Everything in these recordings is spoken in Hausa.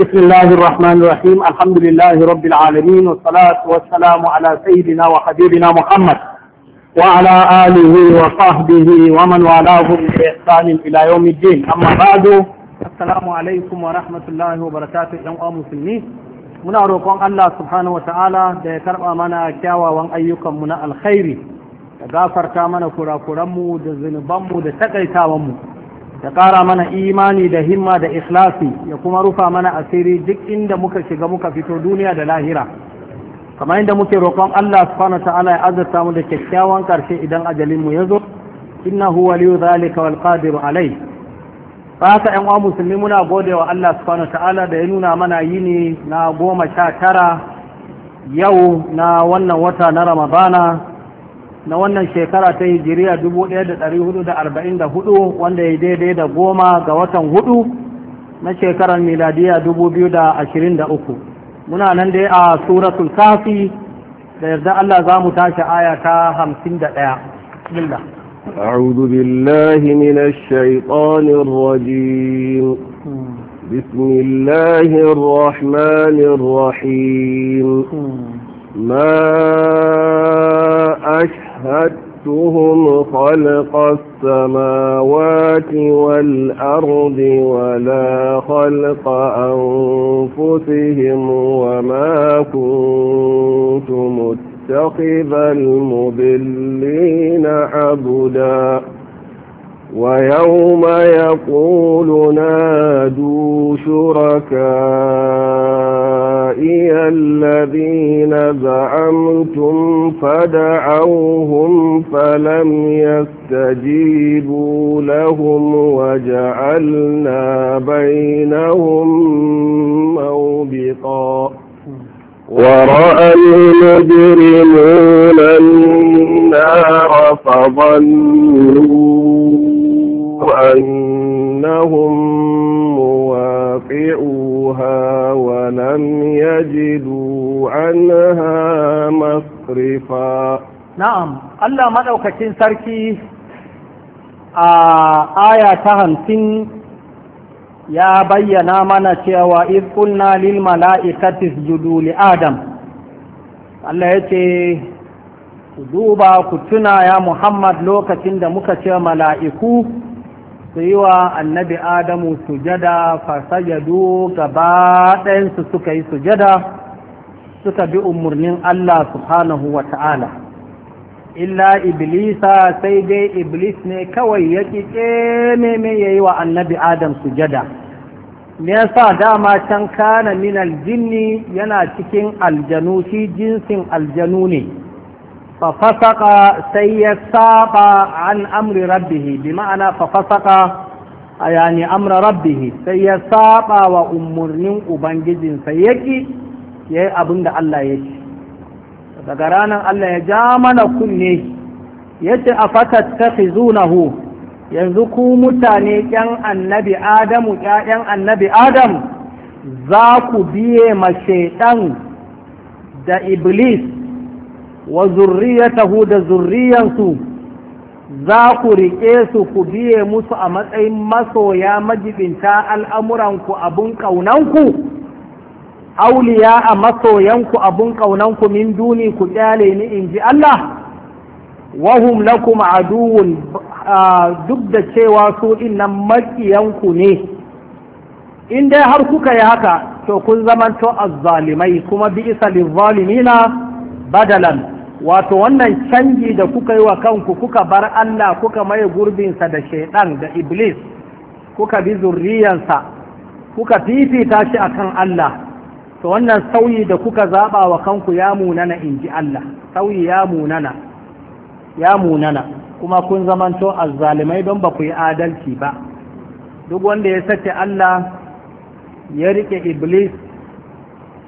بسم الله الرحمن الرحيم الحمد لله رب العالمين والصلاة والسلام على سيدنا وحبيبنا محمد وعلى آله وصحبه ومن والاهم بإحسان إلى يوم الدين أما بعد السلام عليكم ورحمة الله وبركاته يا مسلمين muna roƙon Allah subhanahu wa ta'ala da ya karɓa mana kyawawan ayyukanmu na alkhairi da gafarta mana kurakuranmu da zunubanmu da takaitawanmu ya ƙara mana imani da himma da ikhlasi ya kuma rufa mana asiri duk inda muka shiga muka fito duniya da lahira kamar inda muke roƙon Allah subhanahu ta'ala ya azurta mu da kyakkyawan ƙarshe idan ajalin mu ya zo innahu waliyu zalika wal qadir alai haka ƴan uwa musulmi muna gode wa Allah subhanahu ta'ala da ya nuna mana yini na goma sha tara yau na wannan wata na Ramadana na wannan shekara ta hijiriya 1444 wanda ya daidai da goma ga watan hudu na shekarar miladiya 2023 muna nan dai a suratul kafi da yarda Allah za mu tashi aya ta 51 bismillah أعوذ بالله من الشيطان الرجيم بسم الله الرحمن الرحيم ما أشهدتهم خلق السماوات والأرض ولا خلق أنفسهم وما كنت متخذ المضلين عبداً ويوم يقول نادوا شركائي الذين زعمتم فدعوهم فلم يستجيبوا لهم وجعلنا بينهم موبقا ورأى المجرمون النار فظنوا أنهم مواقعوها ولم يجدوا عنها مصرفا نعم الله مدوكتين سركي آية تهمسين ya bayyana mana cewa izkulna lil mala'ikati sujudu li adam Allah yace duba ku tuna ya Muhammad lokacin da muka ce mala'iku su yi wa annabi adamu sujada fasajadu gaba ɗayansu suka yi sujada suka bi umarnin Allah subhanahu wa ta'ala illa iblisa sai dai iblis ne kawai ya ƙiƙe meme ya yi wa annabi adam sujada me yasa dama can kana min aljinni yana cikin aljanu shi jinsin aljanu ne ففسق سيساق عن أمر ربه بمعنى ففسق يعني أمر ربه سيساق من أبنجز سيكي يأي أبن دع الله يكي فقرانا الله يجامن كني يتي أفتتخذونه yanzu ku mutane ƴan annabi adamu ƴaƴan annabi adam za ku biye ma shaidan da iblis wa zurriyatahu da zurriyansu za ku riƙe su ku biye musu a matsayin masoya majibinta al'amuranku abin ƙaunanku auliya a masoyanku abun ƙaunanku min duni ku ƙyale ni in ji Allah wahum lakum aduwun duk da cewa su innan maƙiyanku ne in dai har kuka yi haka to kun zamanto azzalimai kuma bi isa lizzalimina badalan wato wannan canji da kuka yi wa kanku kuka bar Allah kuka maye gurbinsa da shaidan da iblis kuka bi zurriyansa kuka fifita shi a kan Allah to wannan sauyi da kuka zaɓa wa kanku ya munana in ji Allah sauyi ya munana ya munana kuma kun zamanto azzalimai don ba ku yi adalci ba duk wanda ya sace Allah ya rike iblis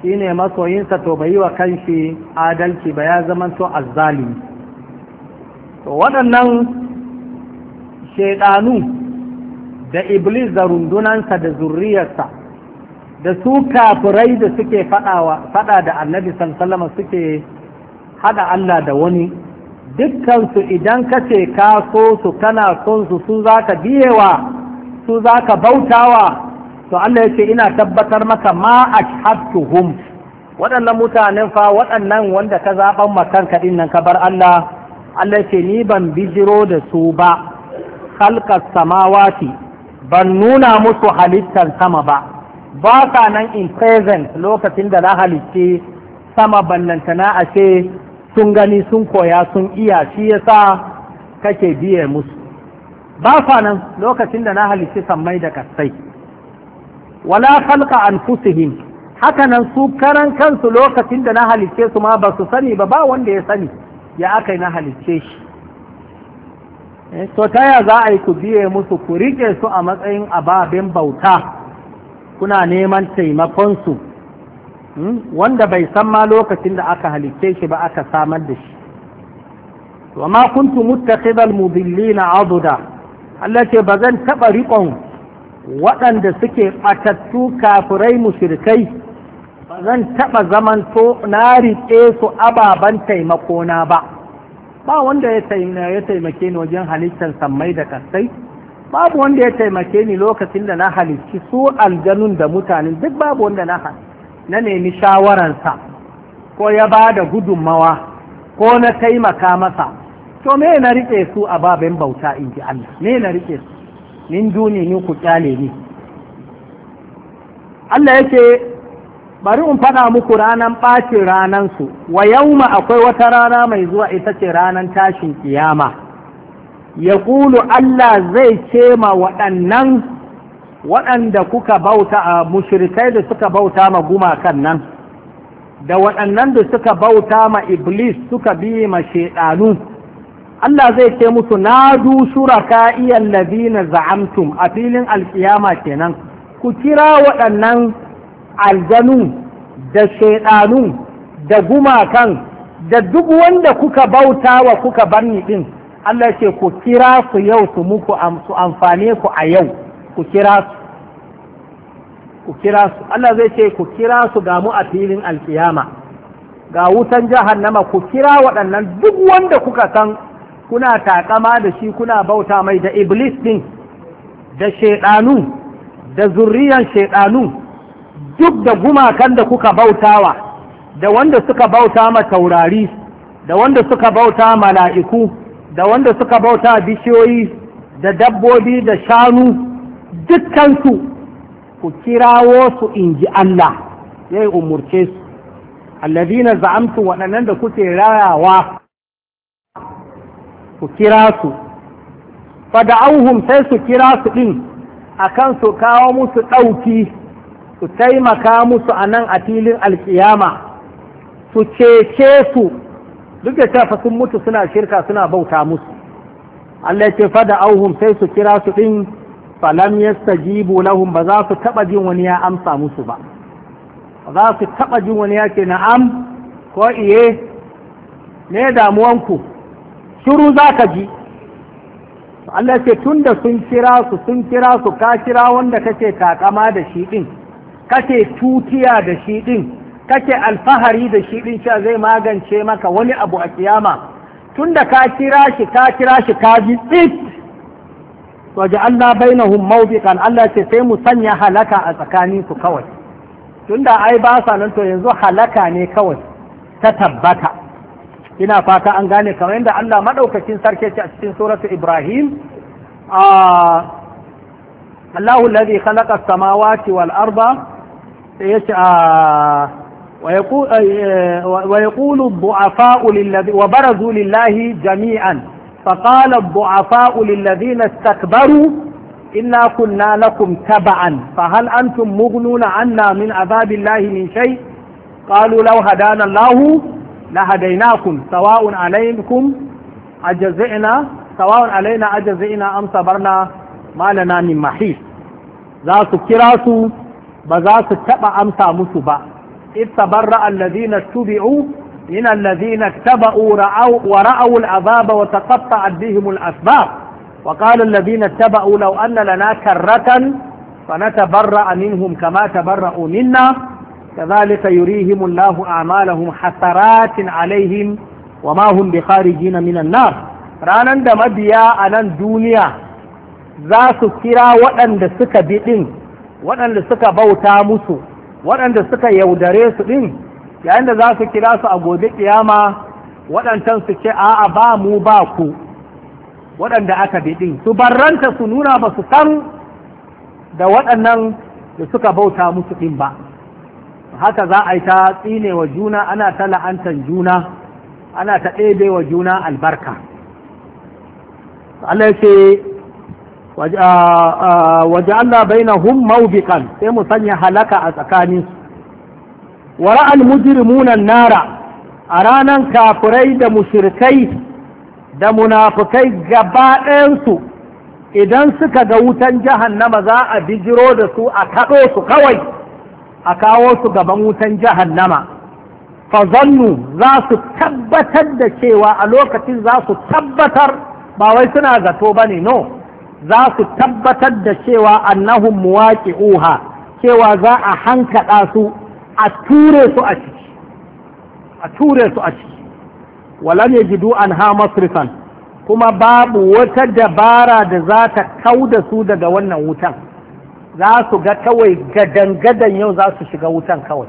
shi ne masoyinsa to bai yi wa kanshi adalci ba ya a azzalimi to waɗannan shaidanu da iblis da rundunansa da zurriyarsa da su kafirai da suke faɗa da annabi sallama suke haɗa Allah da wani dukkansu idan ka ce ka so su kana son su su za ka biyewa su za ka bautawa to Allah ya ce ina tabbatar maka ma ashhadtuhum waɗannan mutanen fa waɗannan wanda ka zaɓan makanka ɗin nan ka bar Allah Allah ce ni ban bijiro da su ba halkar samawati ban nuna musu halittar sama ba ba ka nan in present lokacin da na halicce sama ballantana a ce sun gani sun koya sun iya shi yasa kake biye musu ba nan lokacin da na halicci sammai da kasai wala khalqa anfusihim hakanan su karan kansu lokacin da na halicce su ma ba su sani ba ba wanda ya sani ya aka na halicce shi eh, to ta ya za a yi ku biye musu ku riƙe su a matsayin ababen bauta kuna neman taimakonsu hmm, wanda bai san ma lokacin da aka halicce shi ba aka samar da shi wa ma kuntu muttaqidal mudillina aduda Allah ce ba zan taɓa riƙon waɗanda suke ɓatattu kafirai musirkai ba zan taɓa zamanto na riƙe su ababen taimakona ba ba wanda ya taimake ni wajen halittar sammai da kasai babu wanda ya taimake ni lokacin da na halicci su aljanun da mutanen duk babu wanda na na nemi shawararsa ko ya ba da gudunmawa ko na taimaka masa to me na riƙe su ababen bauta in ji Allah me na riƙe su min duni ni ku kyale ni Allah yake bari in faɗa muku ranan ɓacin ranansu wa yauma akwai wata rana mai zuwa ita ce ranan tashin kiyama ya ƙulu Allah zai ce ma waɗannan waɗanda kuka bauta a mushirikai da suka bauta ma gumakan nan da waɗannan da suka bauta ma iblis suka bi ma shaidanu Allah zai ce musu na du shuraka iyan lazina za'amtum a filin alkiyama kenan ku kira waɗannan aljanu da shaiɗanu da gumakan da duk wanda kuka bauta wa kuka barni ɗin Allah ce ku kira su yau su muku su amfane ku a yau ku kira su ku kira su Allah zai ce ku kira su ga a filin alkiyama ga wutan jahannama ku kira waɗannan duk wanda kuka san kuna takama da shi kuna bauta mai da iblis ɗin, da shaiɗanu, da zurriyan shaiɗanu, duk da gumakan da kuka bautawa da wanda suka bauta ma taurari da wanda suka bauta mala'iku da wanda suka bauta bishiyoyi da dabbobi da shanu dukkansu ku kirawo su in ji Allah ya yi umurce su allazina za'amtu waɗannan da kuke rayawa su kira su fada'auhum sai su kira su ɗin akan su kawo musu ɗauki su taimaka musu a nan a filin alkiyama su cece su duk da cewa sun mutu suna shirka suna bauta musu Allah ce fada auhum sai su kira su din falam yastajibu lahum ba za su taba jin wani ya amsa musu ba ba za su taba jin wani ya ce na'am ko iye ne damuwanku shiru za ka ji Allah ce tun da sun kira su sun kira su ka kira wanda kake takama da shi ɗin kake tutiya da shi ɗin kake alfahari da shi ɗin sha zai magance maka wani abu a kiyama tun da ka kira shi ka kira shi ka ji tsit to ji Allah bainahum kan Allah ce sai mu sanya halaka a tsakanin su kawai tunda ai ba sa nan to yanzu halaka ne kawai ta tabbata ina fata an gane kamar yadda Allah maɗaukakin sarki a cikin suratu Ibrahim Allahu alladhi khalaqa samawati wal arda wa barazu lillahi jami'an fa qala du'afa'u lilladhina istakbaru inna kunna lakum taba'an fa hal antum mughnuna anna min adhabillahi min shay qalu law Na hadaina عليكم أجزئنا سواء علينا أجزئنا amsa صبرنا ما لنا من za su kira su ba za su taɓa amsa musu ba in sabar ra'ar lazina tubi'u min allazina taba'u wa ra'aw al'azaba wa taqatta bihim al'asbab wa qala allazina taba'u law anna lana karratan fa natabarra'a minhum kama tabarra'u minna كذلك يريهم الله أعمالهم حسرات عليهم وما هم بخارجين من النار ranan da mabiya a nan duniya za su kira waɗanda suka bi ɗin waɗanda suka bauta musu waɗanda suka yaudare su ɗin yayin da za su kira su a gobe ƙiyama waɗancan su ce a'a ba mu ba ku waɗanda aka bi ɗin su barranta su nuna ba su san da waɗannan da suka bauta musu ɗin ba haka za a yi ta tsine wa juna ana ta la'antar juna ana ta ɗebe wa juna albarka Allah ce waje Allah bai na hun maubikan sai mu sanya halaka a tsakanin wara almujrimunan nara a ranar kafirai da mushirikai da munafukai gaba ɗayansu idan suka ga wutan jahannama za a bijiro da su a kaɗo su kawai a kawo su gaban wutan jahannama fa zannu za su tabbatar da cewa a lokacin za su tabbatar ba wai suna zato ba ne no za su tabbatar da cewa annahum uha cewa za a hankaɗa su a ture su a ciki a ture su a ciki walam yajidu ha masrifan kuma babu wata dabara da za ta da su daga wannan wutan za su ga kawai gadan-gadan yau za su shiga wutan kawai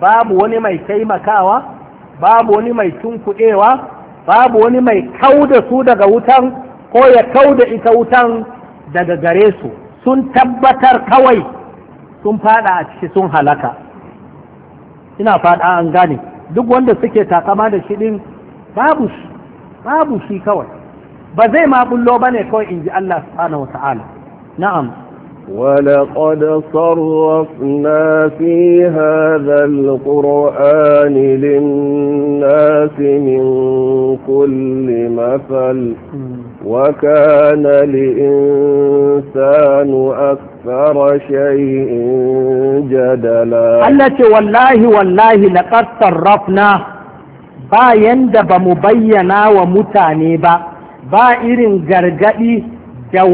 babu wani mai taimakawa babu wani mai tunkuɗewa babu wani mai da su daga wutan ko ya da ita wutan daga gare su sun tabbatar kawai sun fada a ciki sun halaka ina fada an gane duk wanda suke takama da shi din babu shi babu shi kawai ba zai ma bullo bane kawai in ji Allah subhanahu wa na'am ولقد صرفنا في هذا القرآن للناس من كل مثل وكان الإنسان أكثر شيء جدلا التي والله والله لقد صرفنا با يندب مبينا ومتانيبا با إرن جرجئي da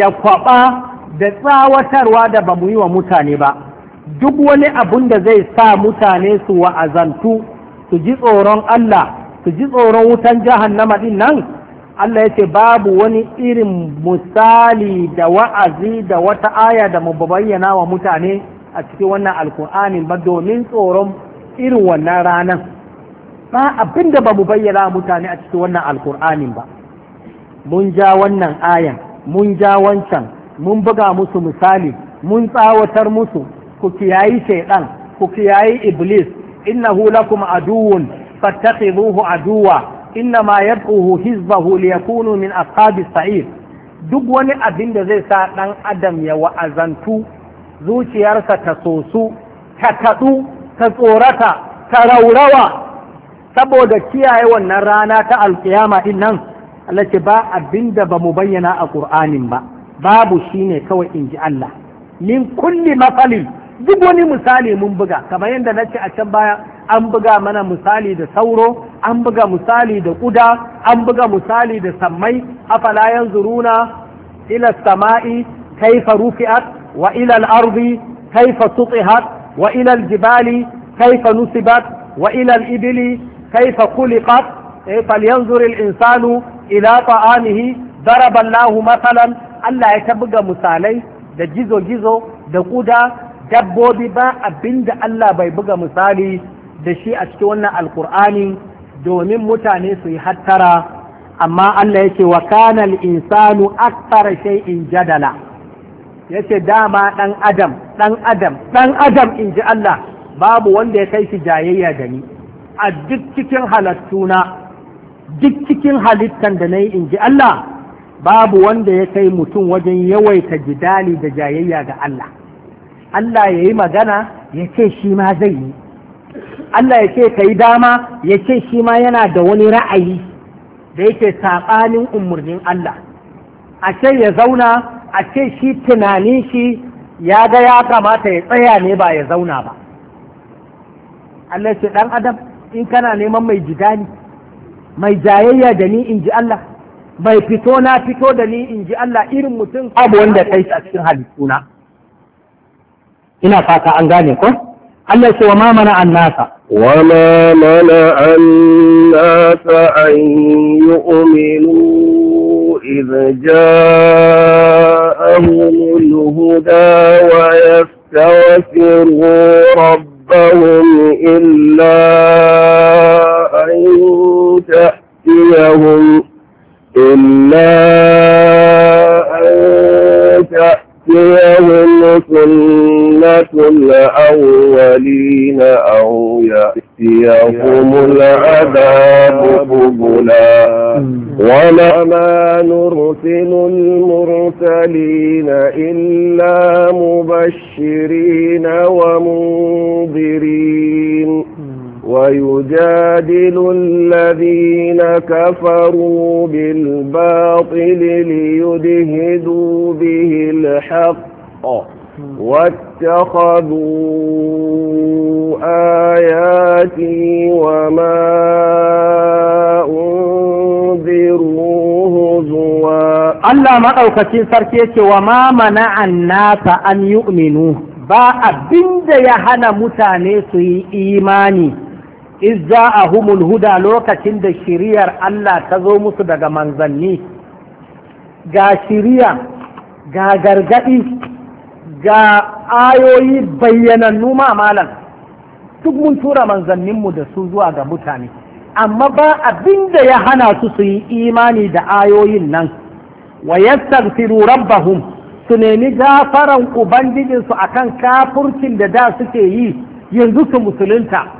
da kwaɓa da tsawatarwa da ba mu yi wa mutane ba duk wani abun da zai sa mutane su wa'azantu su ji tsoron Allah su ji tsoron wutan jahannama din nan Allah ya ce babu wani irin misali da wa'azi da wata aya da mu bayyana wa mutane a cikin wannan alkur'ani ba domin tsoron irin wannan ranar ba abin da ba mu bayyana mutane a cikin wannan alkur'anin ba mun ja wannan ayan mun ja wancan mun buga musu misali mun tsawatar musu ku kiyayi shaidan ku kiyayi iblis innahu lakum aduwwun fattakhidhuhu aduwa innama yad'uhu hizbahu liyakunu min aqabi sa'ir duk wani abin da zai sa dan adam ya wa'azantu zuciyarsa ta sosu ta kaɗu ta tsorata ta raurawa saboda kiyaye wannan rana ta alkiyama din Allah ce ba abinda ba mu bayyana a Qur'anin ba babu shi ne kawai in ji Allah min kulli mafali duk wani misali mun buga kamar yadda na ci a can baya an buga mana misali da sauro an buga misali da ƙuda, an buga misali da sammai afala yanzuruna ila sama'i kaifa rufi'at wa ila al-ardi kaifa sutihat wa ila al-jibali kaifa nusibat wa ila al-ibli kaifa khuliqat eh falyanzur al-insanu ila ta'amihi daraba Allahu masalan Allah ya buga misalai da gizo-gizo da kuda dabbobi ba abinda Allah bai buga misali da shi a cikin wannan alkur'ani domin mutane su yi hattara amma Allah yake wa kana al-insanu akthara shay'in jadala yace dama dan adam dan adam dan adam inji Allah babu wanda ya kai shi jayayya da ni a duk cikin halattuna duk cikin halittan da na yi in ji Allah babu wanda ya kai mutum wajen yawaita jidali da jayayya ga Allah Allah ya yi magana ya ce shi ma zai yi Allah ya ce ka yi dama ya ce shi ma yana da wani ra'ayi da yake saɓanin umarnin Allah a ce ya zauna a ce shi tunanin shi ya ga ya kamata ya tsaya ne ba ya zauna ba Allah ya ce ɗan adam in kana neman mai jidali mai jayayya da ni in ji Allah bai fito na fito da ni in ji Allah irin mutum abu wanda kai a cikin halittuna ina fata an gane ko Allah ce wa ma mana annasa wa ma mana annasa an yu'minu idza ja'ahum al-huda wa yastaghfiru rabbahum illa an يأتيهم إلا أن تأتيهم سنة الأولين أو يأتيهم العذاب قبلا وما نرسل المرسلين إلا مبشرين ومنذرين ويجادل الذين كفروا بالباطل ليدهدوا به الحق واتخذوا آياتي وما أنذروا هزوا الله ما أوكتين سركيك وما منع الناس أن يؤمنوا ba abin da ya hana mutane su yi imani izza a humul huda lokacin da shiriyar Allah ta zo musu daga manzanni ga shiriya ga gargaɗi ga ayoyi bayyanannu numa malam duk mun tura manzanninmu da su zuwa ga mutane amma ba abin da ya hana su su yi imani da ayoyin nan wa yastaghfiru rabbahum su nemi gafaran ubangijinsu akan kafurcin da da suke yi yanzu su musulunta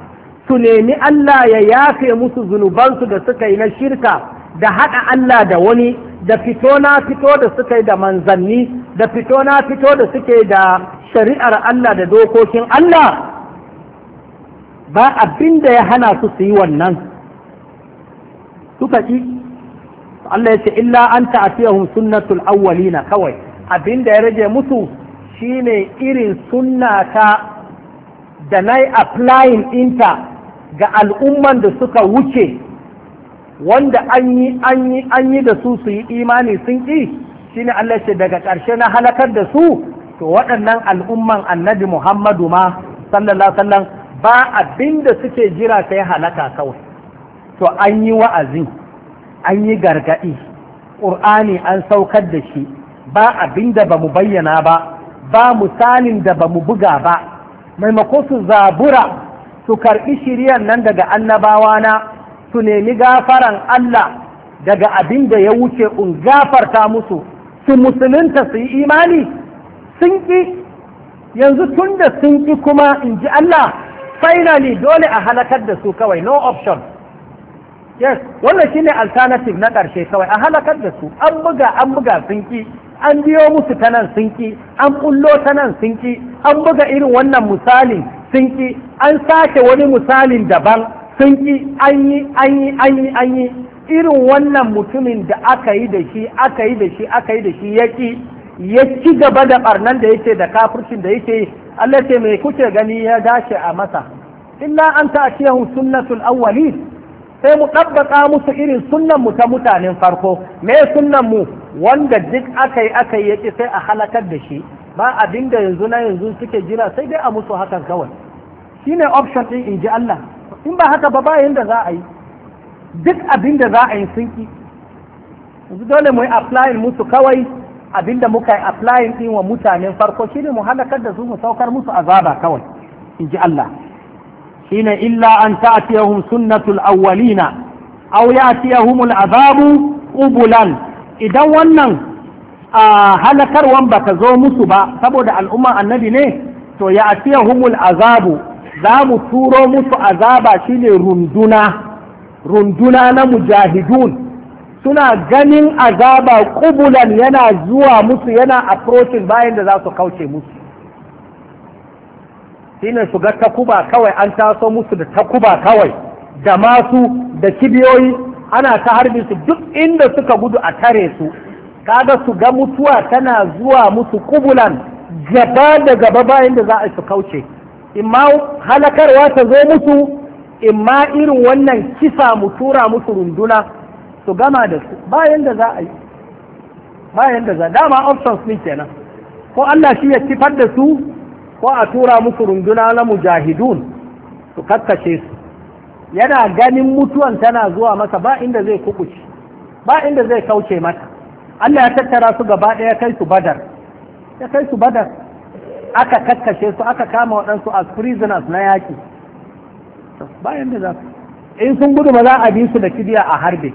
su nemi Allah ya yafe musu zunubansu da suka yi na shirka da haɗa Allah da wani da fito na fito da suka yi da manzanni da fito na fito da suke da shari'ar Allah da dokokin Allah ba abin da ya hana su su yi wannan suka ƙi Allah ya ce illa an ta'atiyahum sunnatul awwalina kawai abin da ya rage musu shine irin sunna ta da na yi applying inta ga al'umman da suka wuce wanda an yi an yi an yi da su su yi imani sun ƙi shi ne Allah ce daga ƙarshe na halakar da su to waɗannan al'umman annabi Muhammadu ma sallallahu sallam ba abin da suke jira sai halaka kawai to an yi wa'azi an yi gargaɗi ƙur'ani an saukar da shi ba abin da ba mu bayyana ba ba misalin da ba mu buga ba maimako su zabura su karɓi shiryan nan daga annabawa na su nemi gafaran Allah daga abin da ya wuce in gafarta musu su musulunta su yi imani sun ƙi yanzu tun da sun ƙi kuma in ji Allah finally dole a halakar da su kawai no option yes wannan shine alternative na ƙarshe kawai a halakar da su an buga an buga sun ƙi an biyo musu ta nan sun ƙi an ƙullo ta nan sun ƙi an buga irin wannan misalin. sun ki an sake wani misalin daban sun ki an yi an yi an yi an yi irin wannan mutumin da aka yi da shi aka yi da shi aka yi da shi ya ki ya ci gaba da barnan da yake da kafircin da yake Allah ce mai kuke gani ya dace a masa illa an ta'tiyahu sunnatul awwali sai mu ɗabbaƙa musu irin sunnan mu ta mutanen farko me sunnan mu wanda duk aka yi aka yi sai a halakar da shi ba abin da yanzu na yanzu suke jira sai dai a musu hakan kawai shi ne option ɗin in ji Allah in ba haka ba bayan da za a yi duk abin da za a yi sun ki yanzu dole mu yi applying musu kawai abin da muka yi applying ɗin wa mutanen farko shi ne mu halakar da su mu saukar musu azaba kawai in ji Allah shi ne illa an ta'tiyahum sunnatul awwalina aw ya'tiyahum al'azabu qubulan idan wannan a halakarwan ba ka zo musu ba saboda al'umma annabi ne to ya humul azabu za mu turo musu azaba shine runduna runduna na mujahidun suna ganin azaba kubulan yana zuwa musu yana approaching bayan da za su kauce musu shine su ga takuba kawai an taso musu da takuba kawai da masu da kibiyoyi ana ta harbi su duk inda suka gudu a tare su kaga su ga mutuwa tana zuwa musu kubulan gaba da gaba bayan da za a su kauce imma halakarwa ta zo musu imma irin wannan kisa mu tura musu runduna su gama da su bayan da za a yi bayan da za dama options ne kenan ko Allah shi ya kifar da su ko a tura musu runduna na mujahidun su kakkashe su yana ganin mutuwan tana zuwa masa ba inda zai kukuci ba inda zai kauce mata Allah ya tattara su gaba ɗaya kai su badar ya kai su badar aka kakkashe su aka kama waɗansu as prisoners na yaƙi bayan da za su in sun gudu ba za a bi su da kibiya a harbe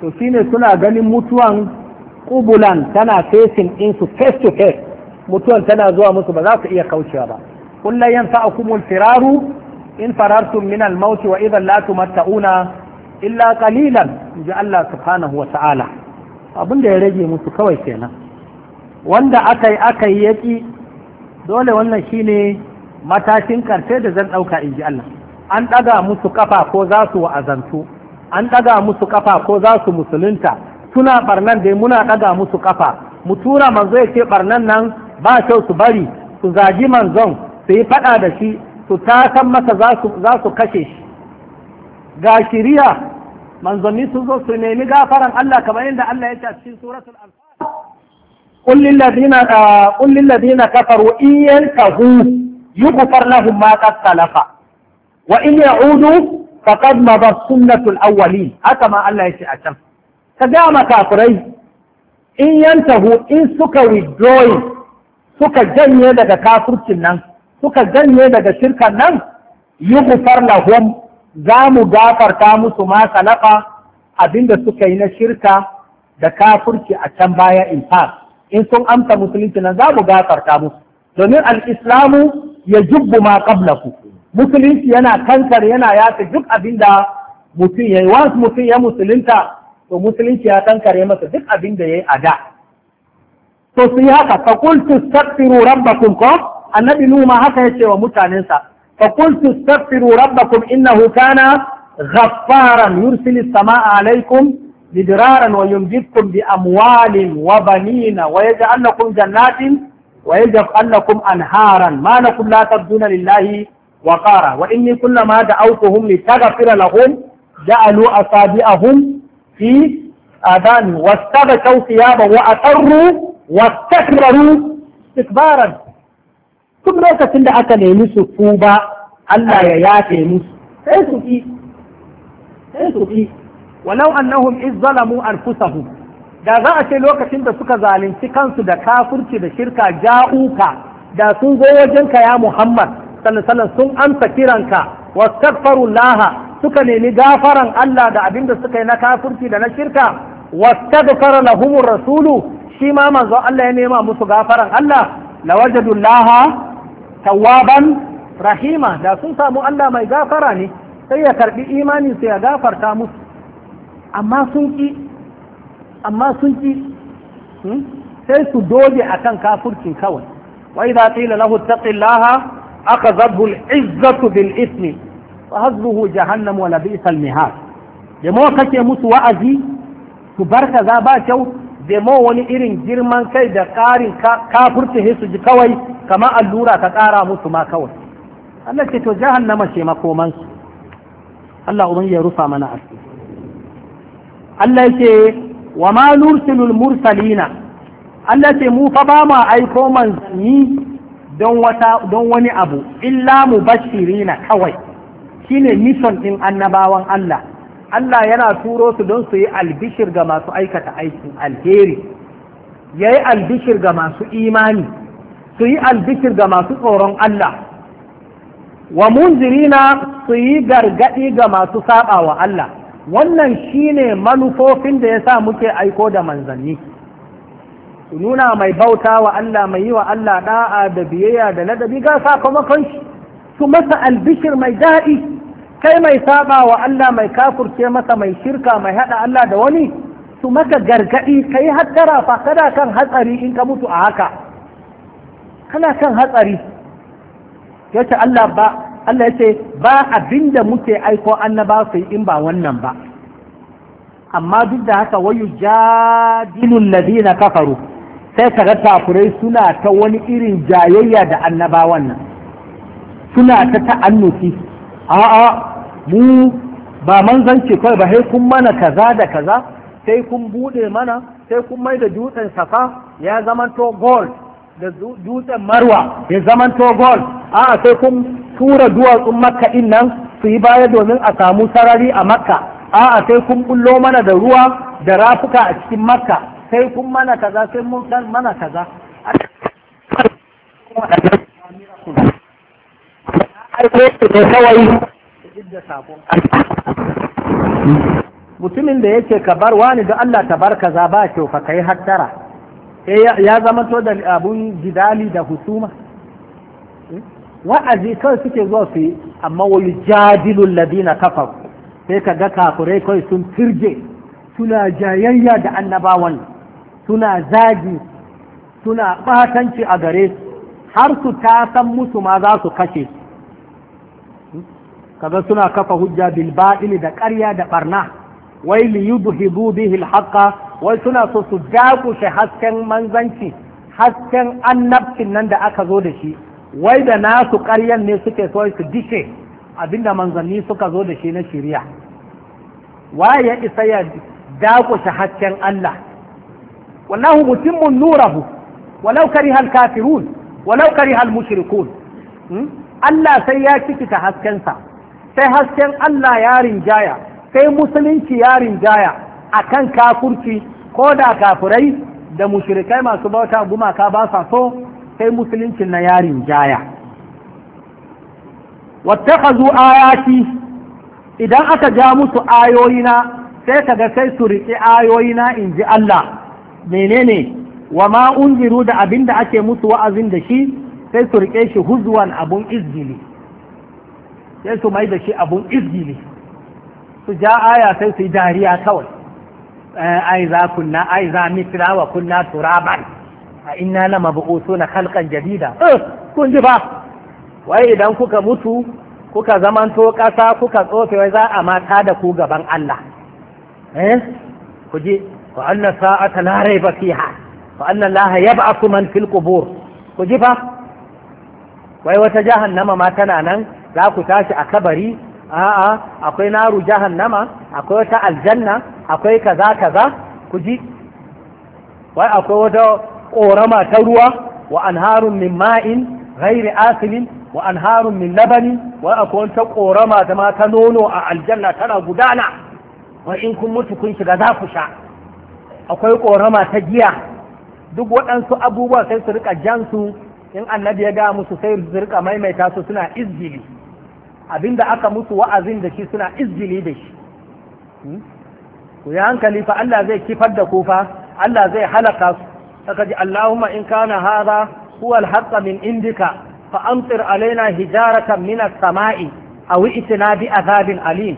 to shine suna ganin mutuwan kubulan tana fesin in su face to face mutuwan tana zuwa musu ba za su iya kaucewa ba kullum yan sa'akumul firaru in farartum min al-maut wa idan la tumatta'una illa qalilan ji Allah subhanahu wa ta'ala abin da ya rage musu kawai kenan wanda aka yi aka yi yaƙi dole wannan shine matashin karshe da zan ɗauka in ji Allah an ɗaga musu kafa ko za su wa'azantu an ɗaga musu kafa ko za su musulunta suna barnan dai muna ɗaga musu kafa mu tura manzo ya ce barnan nan ba kyau su bari su zagi manzon su yi faɗa da shi su tasan masa za su kashe shi ga shiriya manzanni sun zo su nemi gafaran Allah kamar yadda Allah ya ce a cikin suratul anfal qul lil ladina ah, qul lil ladina kafaru in yantahu yughfar lahum ma qad salafa wa in ya'udu faqad madat sunnatul awwalin haka ma Allah ya ce a can ka ga makafurai in yantahu in suka withdrawing suka janye daga kafircin nan suka janye daga shirkan nan yughfar lahum za mu gafarta musu ma salafa abinda suka yi na shirka da kafurci a can baya in in sun amsa musulunci nan za mu gafarta musu domin al'islamu ya jubbu ma ku. musulunci yana kankar yana yafe duk abinda mutum ya yi once mutum ya musulunta to musulunci ya kankare masa duk abinda ya yi a da to su yi haka fa qultu rabba rabbakum ko annabi nuhu ma haka ya ce wa mutanensa فقلت استغفروا ربكم إنه كان غفارا يرسل السماء عليكم مدرارا ويمددكم بأموال وبنين ويجعل لكم جنات ويجعل لكم أنهارا ما لكم لا تبدون لله وقارا وإني كلما دعوتهم لتغفر لهم جعلوا أصابعهم في آذان واستغشوا ثيابا وأسروا واستكبروا استكبارا duk lokacin da aka nemi su tuba Allah ya yafe musu sai su fi sai su fi walau annahum iz zalamu anfusahum da za a ce lokacin da suka zalunci kansu da kafirci da shirka ja'uka da sun zo wajenka ya Muhammad sallallahu sun amsa kiranka wastaghfaru laha suka nemi gafaran Allah da abin da suka yi na kafirci da na shirka wastaghfara lahumur rasulu shi ma manzo Allah ya nema musu gafaran Allah lawajadu laha Tawaban rahima da sun samu Allah mai gafara ne sai ya karbi imani su ya gafarta musu amma sun ki amma sun ki hmm? sai su doge akan kafurcin kawai wa idza qila lahu taqillaha akhadhahu al-izzatu bil ismi wa hazbuhu jahannam wa labisa al-mihad da kake musu wa'azi ku barka za ba kyau demo wani irin girman kai da ƙarin kafurce su ji kawai kama allura ka ƙara musu ma kawai Allah ce to jahannama ce makomansu Allah uban ya rufa mana asiri Allah ce wa ma nursilul mursalina Allah ce mu fa ba ma aiko manzanni don wata don wani abu illa mubashirina kawai shine mission din annabawan Allah Allah yana turo su don su yi albishir ga masu aikata aikin alheri ya yi albishir ga masu imani su yi albishir ga masu tsoron Allah wa munzirina su yi gargaɗi ga masu saɓa wa Allah wannan shine manufofin da ya sa muke aiko da manzanni su nuna mai bauta wa Allah mai yi wa Allah ɗa'a da biyayya da ladabi ga sakamakon shi su masa albishir mai daɗi kai mai saba wa Allah mai kafurce masa mai shirka mai hada Allah da wani su maka gargadi kai hattara fa kada kan hatsari in ka mutu a haka kana kan hatsari yace Allah ba Allah yace ba abinda muke aiko annaba su in ba wannan ba amma duk da haka wayu jadilul ladina kafaru sai kaga tafurai suna ta wani irin jayayya da annabawan wannan suna ta ta'annufi a'a mu ba manzanci kawai ba sai kun mana kaza da kaza sai kun bude mana sai kun mai da dutsen safa ya zamanto gold da dutsen marwa ya zamanto gold a sai kun tura duwatsun makka din nan su yi baya domin a samu sarari a makka a sai kun bullo mana da ruwa da rafuka a cikin makka sai kun mana kaza sai mun mana kaza a ne kawai da sabon mutumin da yake ka bar wani da Allah ta bar kaza ba kyau fa kai hattara eh, ya zama to da abun jidali da husuma eh, wa'azi kawai suke zuwa su yi amma wani jadilun ladina kafar sai ka ga kafurai kai sun firge suna jayayya da annabawan suna zagi suna batanci a gare su har su ta san musu ma za su kashe su kaga suna kafa hujja bil batil da ƙarya da ɓarna. wai li yudhibu bihi al wai suna so su dakushe hasken manzanci hasken annabcin nan da aka zo da shi wai da nasu ƙaryan ne suke so su dishe abinda manzanni suka zo da shi na shiriya waye ya isa ya dakushe hasken Allah wallahu mutimmun nurahu walau karihal kafirun walau karihal mushrikun hmm? Allah sai ya cikita haskensa sai hasken Allah ya rinjaya sai musulunci ya rinjaya kan kafurci ko da kafurai da mushirikai masu bauta gumaka ba sa so sai musulunci na ya rinjaya wattakhazu ayati idan aka ja musu ayoyina sai ka ga sai su riƙe ayoyina in ji Allah menene wa ma unziru da abin da ake musu wa'azin da shi sai su riƙe shi huzuwan abun izgili sai su mai da shi abun izgili su ja aya sai su yi dariya kawai eh, ai za kunna ai za mitra wa kunna turaban a inna la na halkan jadida eh, kun ji ba wai idan kuka mutu kuka zamanto ƙasa kuka tsofe wai za a mata da ku gaban Allah eh ku ji wa anna sa'ata la rayba fiha wa anna Allah yab'athu man fil qubur ku ji fa wai wata jahannama ma tana nan za ku tashi a kabari a'a akwai naru jahannama akwai wata aljanna akwai kaza kaza ku ji wai akwai wata ƙorama ta ruwa wa anharun min ma'in ghairi asilin wa anharun min labani wai akwai wata ƙorama ma ta nono a aljanna tana gudana Wai in kun mutu kun shiga za ku sha akwai ƙorama ta giya duk waɗansu abubuwa sai su rika jansu in annabi ya ga musu sai su rika maimaita su suna izgili abinda aka musu wa'azin da shi suna izgili da shi hmm? ku yi hankali fa Allah zai kifar da ku fa Allah zai halaka su saka ji Allahumma in kana hadha huwa al min indika fa amtir alaina hijaratan min as-sama'i aw itina bi azabin alim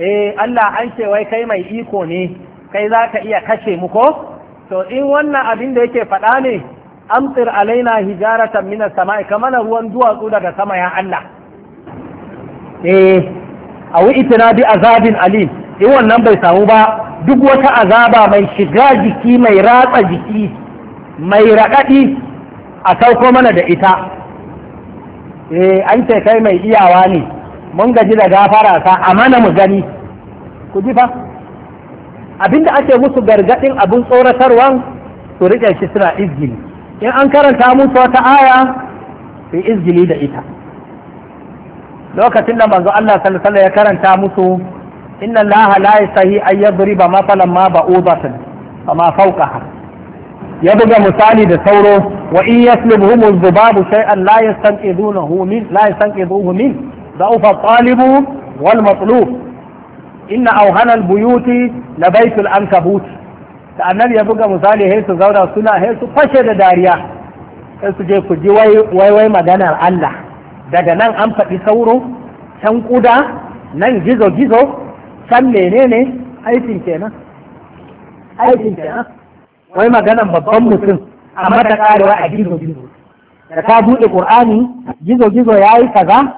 eh Allah an ce wai kai mai iko ne kai zaka iya kashe mu ko to in wannan abin da yake faɗa ne amtir alaina hijaratan min as-sama'i mana ruwan duwatsu daga sama ya Allah eh awi bi azabin alim in wannan bai samu ba duk wata azaba mai shiga jiki mai ratsa jiki mai raɗaɗi a sauko mana da ita eh an ce kai mai iyawa ne mun gaji da gafara sa a mu gani ku ji fa abinda ake musu gargaɗin abin tsoratarwan su riƙe shi suna izgini in an karanta musu wata aya su izgili da ita lokacin da manzo Allah sallallahu ya karanta musu inna Allah la yastahi an yadriba masalan ma ba'udatan fama fawqaha ya buga misali da sauro wa in yaslibhum adh-dhubabu shay'an la yastanqidunahu min la yastanqiduhu min da'ufa at-talibu wal matlub inna awhana al-buyuti la baytul ankabut da annabi ya buga misali sai su zauna suna sai su fashe da dariya sai su je ku ji wai wai maganar Allah daga nan an faɗi sauro can kuda nan gizo gizo can menene aikin kenan aikin kenan wai maganar babban mutum amma ta karewa a gizo gizo da ka buɗe qur'ani gizo gizo ya yi kaza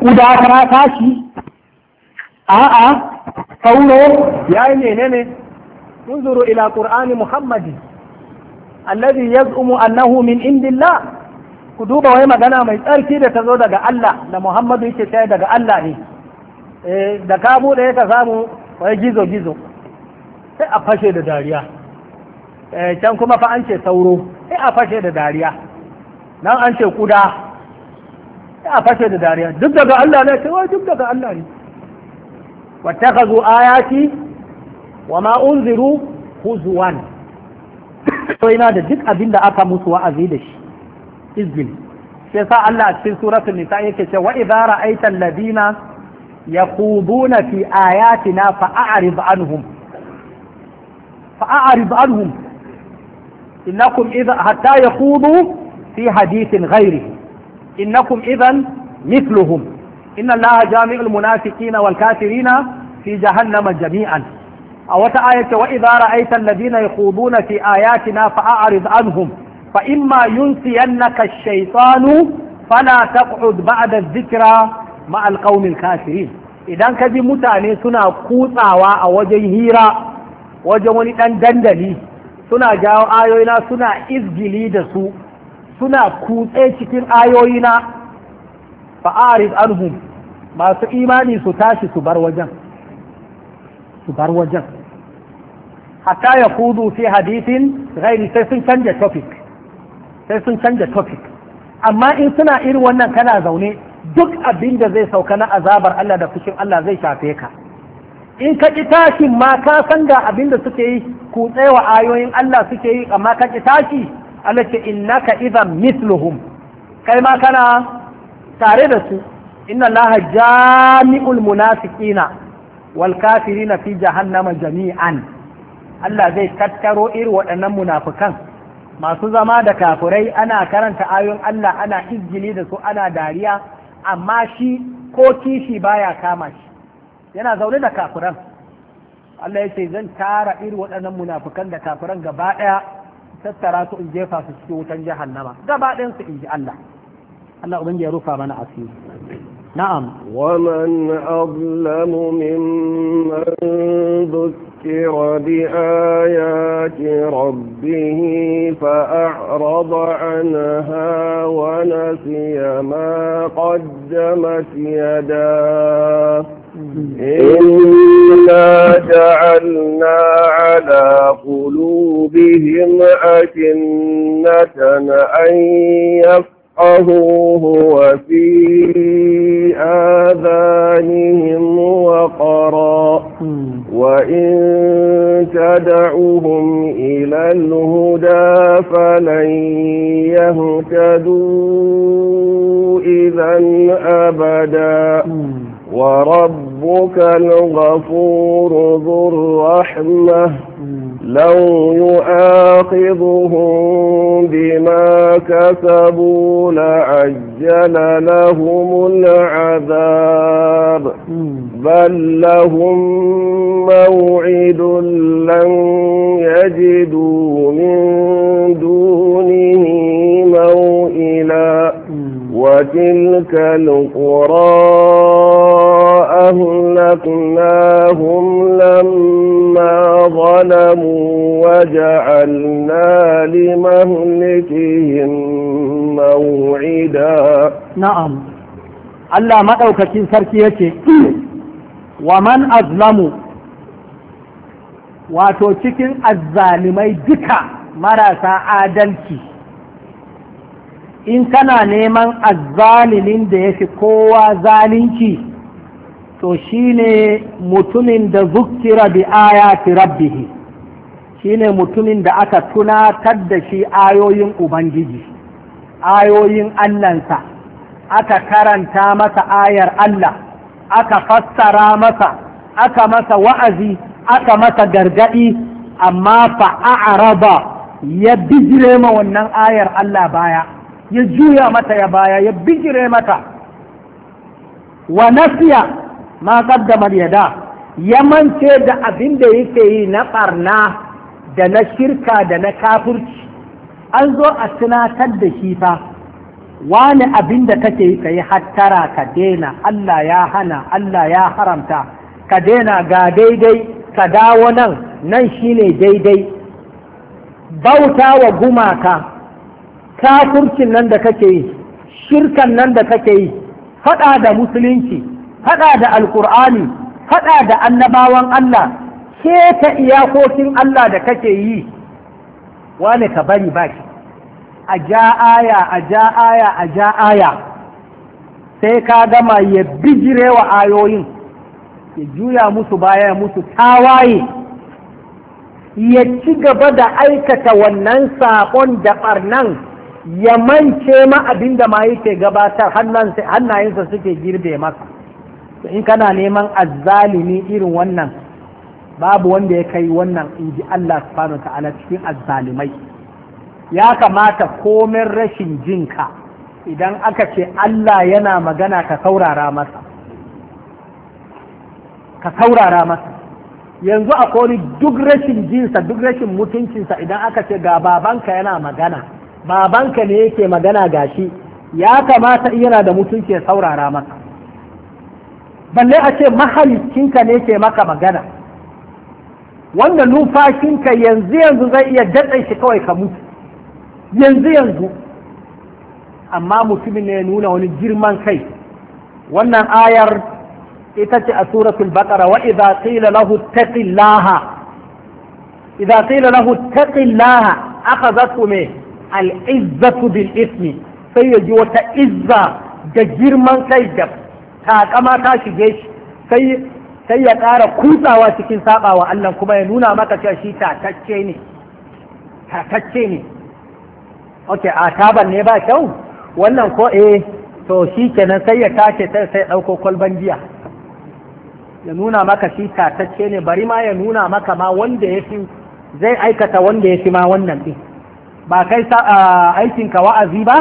kuda ta tashi a'a sauro ya yi menene انظروا إلى قرآن محمد الذي يزعم أنه من عند الله ku duba wai magana mai tsarki da ta zo daga Allah da Muhammadu yake tsaye daga Allah ne da ka buɗe ka samu wai gizo gizo sai a fashe da dariya can kuma fa an ce sauro sai a fashe da dariya nan an ce kuda sai a fashe da dariya duk daga Allah ne sai wai duk daga Allah ne وما أنذروا هزوان وإن هذا جد أبين دا أتا مسوى أزيدش إذن شيساء الله في سورة النساء يكي وإذا رأيت الذين يخوضون في آياتنا فأعرض عنهم فأعرض عنهم إنكم إذا حتى يخوضوا في حديث غيره إنكم إذا مثلهم إن الله جامع المنافقين والكافرين في جهنم جميعا a wata ayata wa idza ra'aita alladhina yakhuduna fi ayatina fa'arid anhum fa imma yunsiyannaka ash-shaytanu fala taq'ud ba'da adh-dhikra ma al-qaumil kafirin idan ka ji mutane suna kutsawa a wajen hira wajen wani dan dandali suna jawo ayoyina suna izgili da su suna kutse cikin ayoyina fa'arid anhum masu imani su tashi su bar wajen su bar wajen hatta ya kudu sai hadithin gairi sai sun canja topic sai sun canja topic amma in suna irin wannan kana zaune duk abin da zai sauka na azabar Allah da fushin Allah zai shafe ka in ka ƙi tashi ma ka san ga abin da suke yi kutsewa ayoyin Allah suke yi amma ka ƙi tashi Allah ce innaka idan misluhum kai ma kana tare da su inna Allah jami'ul munafiqina wal kafirina fi jahannama jami'an Allah zai tattaro irin waɗannan munafukan masu zama da kafurai ana karanta ayoyin Allah ana izgili da su ana dariya amma shi ko kishi baya kama shi yana zaune da kafuran. Allah ya ce zan tara irin waɗannan munafukan da kafuran gaba ɗaya tattara su in jefa su cikin wutan jahannama gaba ɗayan in ji Allah Allah ubangiji ya rufa mana asiri نعم ومن أظلم ممن ذكر بآيات ربه فأعرض عنها ونسي ما قدمت يداه إنا جعلنا على قلوبهم أكنة أن يفعلوا حقه هو في آذانهم وقرا وإن تدعهم إلى الهدى فلن يهتدوا إذا أبدا وربك الغفور ذو الرحمه لو يؤاخذهم بما كسبوا لعجل لهم العذاب بل لهم موعد لن يجدوا من دونه موئلا وتلك القرى أهلكناهم لما ظلموا وجعلنا لمهلكهم موعدا نعم الله ما أوكتين سركيتي ومن أظلموا wato cikin azzalimai duka marasa adalci in kana neman azzalilin da ya fi kowa zalunci to shi ne mutumin da zukira bi ayati rabbihi ne mutumin da aka tunatar da shi ayoyin ubangiji ayoyin allansa aka karanta masa ayar allah aka fassara masa aka masa wa'azi aka masa gargadi amma fa'a'araba ya bijire ma wannan ayar allah baya ya juya mata ya baya ya bijire mata wa nasiya ma kaddama yada ya mance da abin da yake yi na barna da na shirka da na kafurci an zo a tunatar da shi fa wani abin da take yi ka hattara ka daina Allah ya hana Allah ya haramta ka daina ga daidai ka dawo nan nan shine daidai bauta wa gumaka kafircin nan da kake yi shirkan nan da kake yi faɗa da musulunci faɗa da alkur'ani faɗa da annabawan Allah ke ta iyakokin Allah da kake yi wane ka bari baki a ja a ja a ja sai ka gama ya bijire wa ayoyin ya juya musu baya musu tawaye ya ci gaba da aikata wannan saƙon da ɓarnan ya mance ma abin da ma yake gabatar hannayensa suke girbe masa in kana neman azzalimi irin wannan babu wanda ya kai wannan in ji Allah subhanahu wa ta'ala cikin azzalimai ya kamata komin rashin jinka idan aka ce Allah yana magana ka saurara masa ka saurara masa yanzu a kori duk rashin jinsa duk rashin mutuncinsa idan aka ce ga babanka yana magana babanka ne yake magana gashi ya kamata yana da mutunci ya saurara maka balle a ce mahalicinka ne ke maka magana wanda numfashinka yanzu yanzu zai iya datse shi kawai ka mutu yanzu yanzu amma mutumin ne ya nuna wani girman kai wannan ayar ita ce a suratul baqara wa idza qila lahu taqillaha idza qila lahu taqillaha al'izzatu bil ismi sai ya ji wata izza da girman kai da takama ta shige shi sai ya ƙara kutsawa cikin saɓawa Allah kuma ya nuna maka cewa shi tatacce ne tatacce ne ok a taban ne ba kyau wannan ko eh to shi kenan sai ya tace sai sai ɗauko kwalban giya ya nuna maka shi tatacce ne bari ma ya nuna maka ma wanda ya fi zai aikata wanda ya fi ma wannan ɗin ba kai aikinka wa'azi ba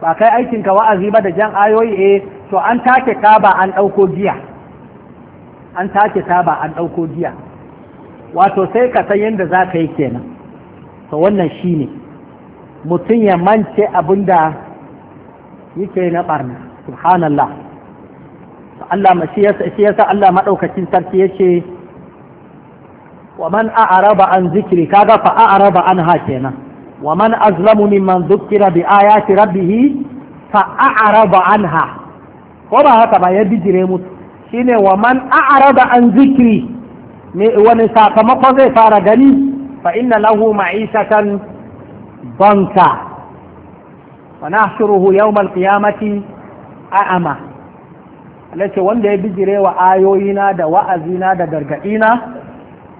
ba kai aikinka wa'azi ba da jan ayoyi eh to an take ba an ɗauko giya an take ba an ɗauko giya wato sai ka san yadda za ka yi kenan to wannan shi ne mutum ya mance abin da yake na ɓarna subhanallah Allah shi yasa Allah maɗaukacin sarki ya ce wa man a'araba an zikiri kaga fa a'araba an ha kenan wa man azlamu mimman dhukkira bi ayati rabbih fa a'rada anha ko ba haka ba ya bijire mutu shine wa man a'rada an zikri me wani sakamako zai fara gani fa inna lahu ma'isatan banka wa nahshuruhu yawm al-qiyamati a'ama alace wanda ya bijire wa ayoyina da wa'azina da gargadina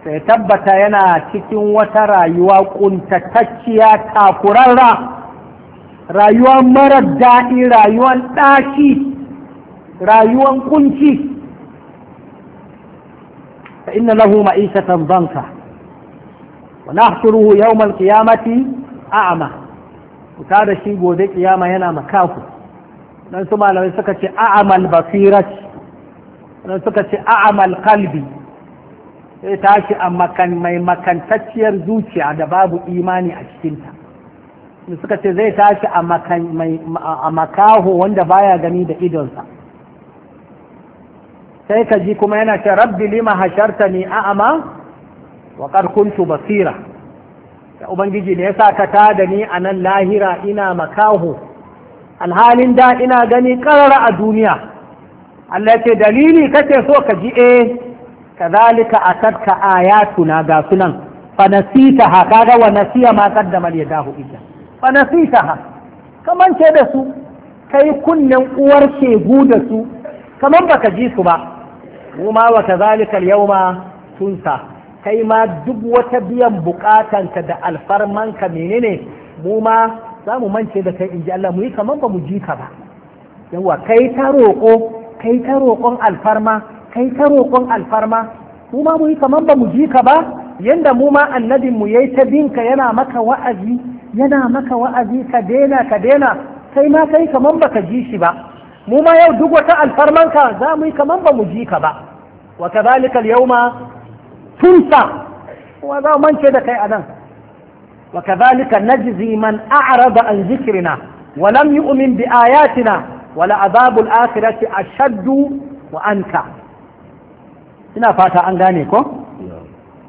sai eh, tabbata yana cikin wata rayuwa kuntatacciya takurarra rayuwa marar daɗi rayuwan ɗaki rayuwan kunci fa inna lahu ma'isatan banka wa nahshuruhu yawmal qiyamati a'ma kuta da shi gobe kiyama yana makafu dan su malamai suka ce a'mal basirat dan suka ce a'mal qalbi sai tashi a makan mai makantacciyar zuciya da babu imani a cikinta suka ce zai tashi a makaho wanda baya gani da idonsa sai ka ji kuma yana ce rabbi lima hasharta ni a'ama wa kuntu basira da ubangiji ne yasa ka tada ni a nan lahira ina makaho alhalin da ina gani karara a duniya Allah ce dalili kake so ka ji eh Kazalika a kadhalika atatka ayatuna ga sunan fa nasitaha kaga wa nasiya ma qaddama yadahu ita fa nasitaha kaman ce da su kai kunnen uwar shegu da su kaman baka ji su ba mu ma wa kadhalika al-yawma tunsa kai ma duk wata biyan bukatanka da alfarmanka menene mu za mu mance da kai in ji Allah mu yi kaman ba mu ji ka ba yawa kai ta roƙo kai ta roƙon alfarma kai ta roƙon alfarma mu ma mu yi kamar ba mu ji ka ba yanda mu ma annabin mu yayi ta binka yana maka wa'azi yana maka wa'azi ka daina ka daina sai ma kai kamar baka ji shi ba mu ma yau duk wata alfarmanka za mu yi kamar ba mu ji ka ba wa kadhalika al-yawma tunsa wa za mance da kai anan wa kadhalika najzi man a'rada an zikrina wa lam yu'min bi ayatina wala azabul akhirati ashaddu wa anka ina fata an gane ko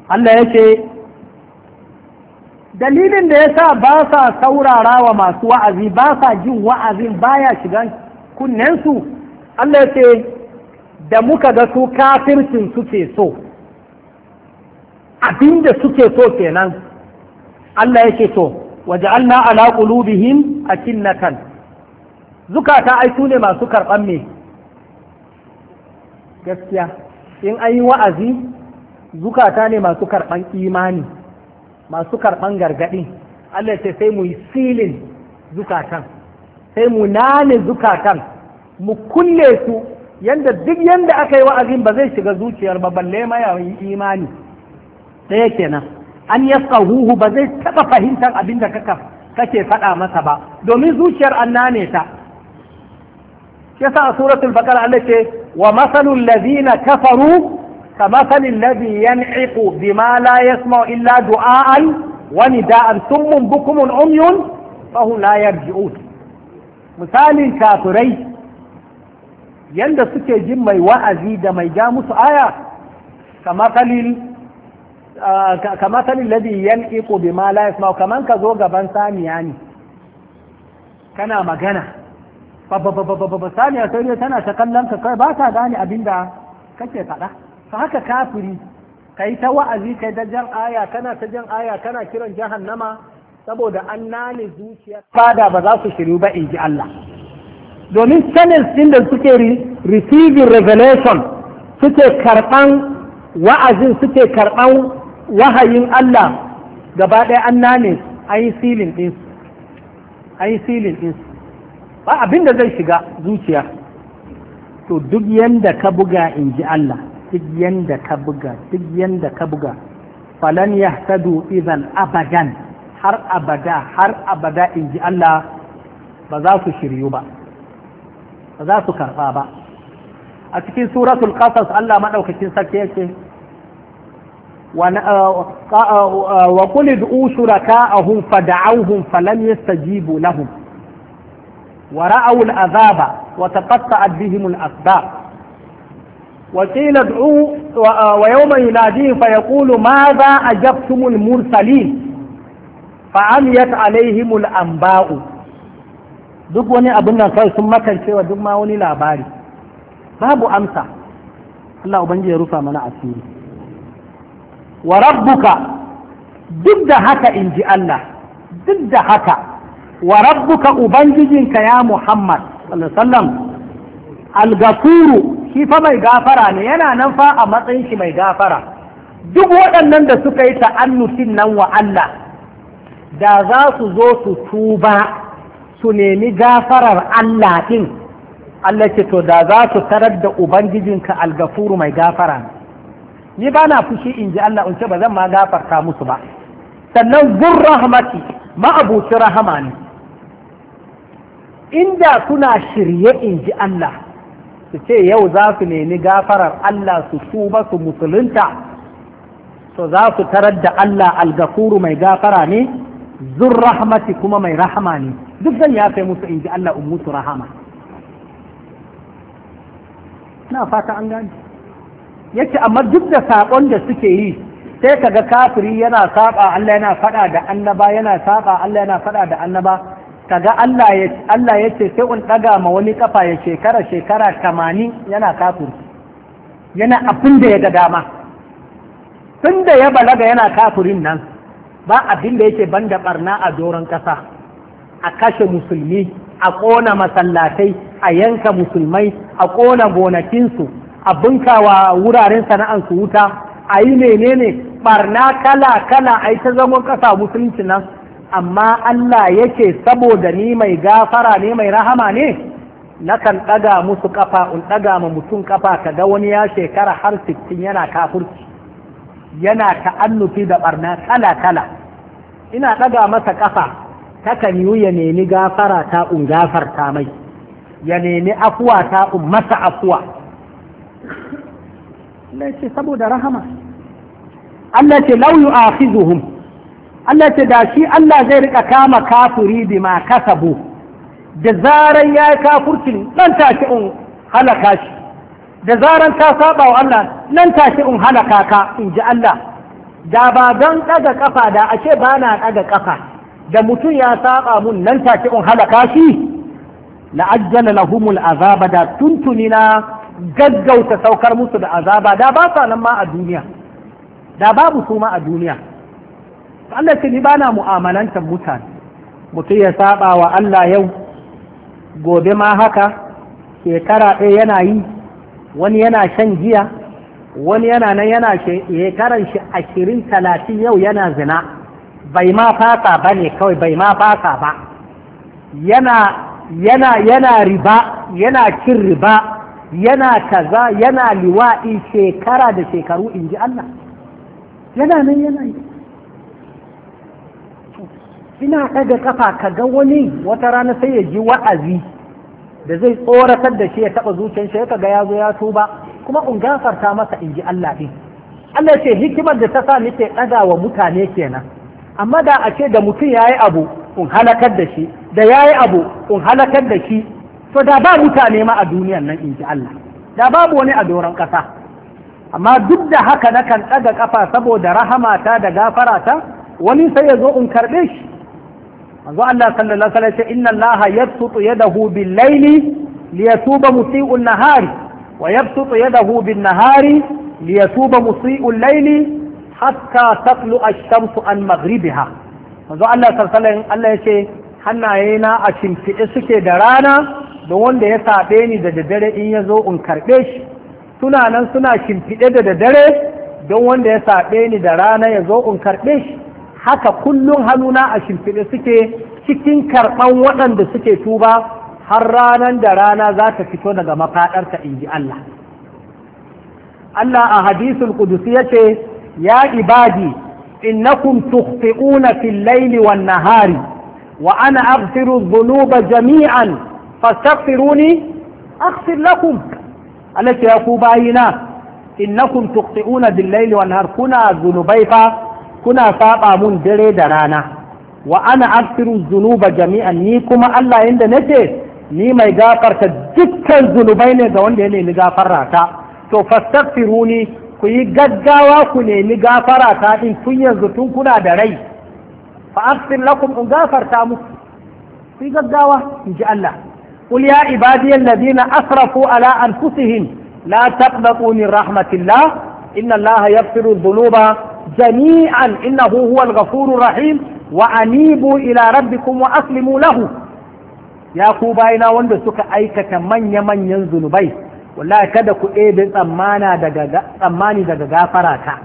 Allah ce, dalilin da ya sa ba sa saurara wa masu wa'azi ba sa jin wa'azin baya shigan kunnensu Allah ce, da muka ga su kafircin suke so abinda suke so kenan Allah ya ce yake to waja'alna ala qulubihim akinnatan zukata ai su ne masu karɓan me gaskiya in an yi wa'azi zukata ne masu karɓan imani masu karɓan gargaɗi Allah ce sai mu yi silin zukatan sai mu nane zukatan mu kulle su yadda duk yadda aka yi wa'azin ba zai shiga zuciyar ba balle ma yi imani ɗaya kenan an huhu ba zai taɓa fahimtar abin da kake faɗa masa ba domin zuciyar an nane ta yasa a suratul baqara Allah ce wa masalul ladina kafaru ka masalil ladhi yan'iqu bima la yasma'u illa du'a'an wa nida'an summun bukumun umyun fa hum la yarji'un misalin kafirai yanda suke jin mai wa'azi da mai ja musu aya kama salin ladi yan iko la kaman ka zo gaban saniya ne kana magana babba saniya sai dai tana ta kallon ka kai ba ta gane abin da kake faɗa fa haka kafiri yi ta wa'azi kai da jan aya kana ta jan aya kana kiran jahannama saboda an nane zuciya fada ba za su shiru ba in ji Allah domin channels din da suke receiving revelation suke karɓan wa'azin suke karban wahayin Allah gaba ɗaya an nane an yi silin ɗinsu ba abinda zai shiga zuciya to duk yanda ka buga in ji Allah duk yanda ka buga duk yanda ka buga falan yahtadu idan abadan har abada har abada in ji Allah ba za su shiryu ba ba za su karba ba a cikin suratul qasas Allah madaukakin sarki yake وقل ادعوا شركاءهم فدعوهم فلم يستجيبوا لهم ورأوا العذاب وتقطعت بهم الأسباب وقيل ادعوا ويوم يناديه فيقول ماذا أجبتم المرسلين فعميت عليهم الأنباء duk wani abin nan kawai sun makance wa duk ma wani labari babu amsa Allah ubangiji ya rufa mana asiri wa rabbuka duk da haka inji Allah duk da haka wa rabbuka ubangijinka ya Muhammad sallallahu al-gafuru shi fa mai gafara ne yana nan fa a matsayin shi mai gafara duk waɗannan da suka yi ta'annutin nan wa Allah da za su zo su tuba su nemi gafarar Allah ɗin Allah ce to da za su tarar da ubangijinka al-gafuru mai gafara ni ba na fushi in ji Allah in ce ba zan ma gafarta musu ba sannan zur rahmati ma'abuci rahama ne inda suna shirye in ji Allah su ce yau za su nemi gafarar Allah su tuba su musulunta to za su tarar da Allah algafuru mai gafara ne zur rahmati kuma mai rahama ne duk zan ya kai musu in ji Allah in musu rahama na fata an gani yace amma duk da saƙon da suke yi sai kaga kafiri yana saba Allah yana faɗa da annaba yana saba Allah yana faɗa da annaba Ka ga Allah ya ce sai in daga ma wani kafa ya shekara shekara tamanin yana kafir yana abin da ya ga dama tun da ya balaga yana kafirin nan ba abin da yake banda barna a doron ƙasa, a kashe musulmi a ƙona masallatai a yanka musulmai a ƙona gonakinsu a bunkawa wuraren sana'ansu wuta a yi menene barna kala kala a yi ta zagon ƙasa musulunci nan amma Allah yake saboda ni mai gafara ne mai rahama ne nakan ɗaga musu ƙafa in ɗaga ma mutum ƙafa ka ga wani ya shekara har sittin yana kafurci yana ta'annufi da ɓarna kala-kala ina ɗaga masa ƙafa takan yi ya nemi gafara ta in gafarta mai ya nemi afuwa ta in masa afuwa Allah ce saboda rahama Allah ce lau yu'akhidhuhum Allah ce da shi Allah zai rika kama kafuri bi ma kasabu da zaran ya yi kafurcin nan tashi in halaka shi da zaran ka saba wa Allah nan tashi in halaka ka in ji Allah da ba ɗaga kafa da ashe ba na ɗaga kafa da mutum ya saba mun nan tashi in halaka shi la'ajjala lahumul azaba da tuntuni na gaggauta saukar musu da azaba da ba sa nan ma a duniya da babu su ma a duniya Allah ce ni ba na mu'amalantar mutane mutum ya saba wa Allah yau gobe ma haka shekara ɗaya yana yi wani yana shan giya wani yana nan yana shekaran shi ashirin talatin yau yana zina bai ma fasa ba ne kawai bai ma fasa ba yana yana riba yana cin riba yana kaza yana liwa'i shekara da shekaru in ji Allah yana nan yana yi ina ɗaga kafa ka ga wani wata rana sai ya ji wa'azi da zai tsoratar da shi ya taɓa zuciyar shi ya ga ya zo ya tuba kuma in gafarta masa in ji Allah ɗin Allah ce hikimar da ta sa nake ɗaga wa mutane kenan amma da a ce da mutum ya yi abu in halakar da shi da ya yi abu in halakar da shi to da ba mutane ma a duniyan nan in ji Allah da babu wani a doron ƙasa amma duk da haka nakan ɗaga ƙafa saboda rahama ta da gafarata wani sai ya zo in karɓe shi manzo Allah sallallahu alaihi wasallam inna Allah yabsutu yadahu bil layli liyatuba musii'un nahari wa yabsutu yadahu bin nahari liyatuba musii'ul layli hatta taqlu ash-shamsu an maghribiha manzo Allah sallallahu Allah yace hannaye na a shimfiɗe suke da rana da wanda ya saɓe ni da daddare in ya zo in karɓe shi suna nan suna shimfiɗe da daddare don wanda ya saɓe ni da rana ya zo in karɓe shi haka kullum hannuna a shimfiɗe suke cikin karɓan waɗanda suke tuba har ranar da rana za ta fito daga mafaɗarta in ji Allah. Allah a hadisul kudusi ya ce, Ya ibadi, innakum tukhti'una fil laili wan nahari wa ana aghfiru zunuba jami'an fastaghfiruni aghfir lakum Allah ya ku bayina innakum tukhti'una bil laili wan nahar kuna zunubai fa kuna saba mun dare da rana wa ana aftiru zunuba jami'an ni kuma Allah inda nake ni mai gafarta dukkan zunubai ne ga wanda ya nemi gafara ta to fastaghfiruni ku yi gaggawa ku nemi gafara ta din tun yanzu tun kuna da rai fa aftir lakum in gafarta muku ku yi gaggawa in ji Allah qul ya ibadiyal ladina asrafu ala anfusihim la taqnatu min rahmatillah إن الله يغفر الذنوب جميعا إنه هو الغفور الرحيم وأنيبوا إلى ربكم وأسلموا له يا كوباينا وند سكا أيكة من يمن ينزل بي والله كذا كؤيب أمانا دقا أماني دقا غافراتا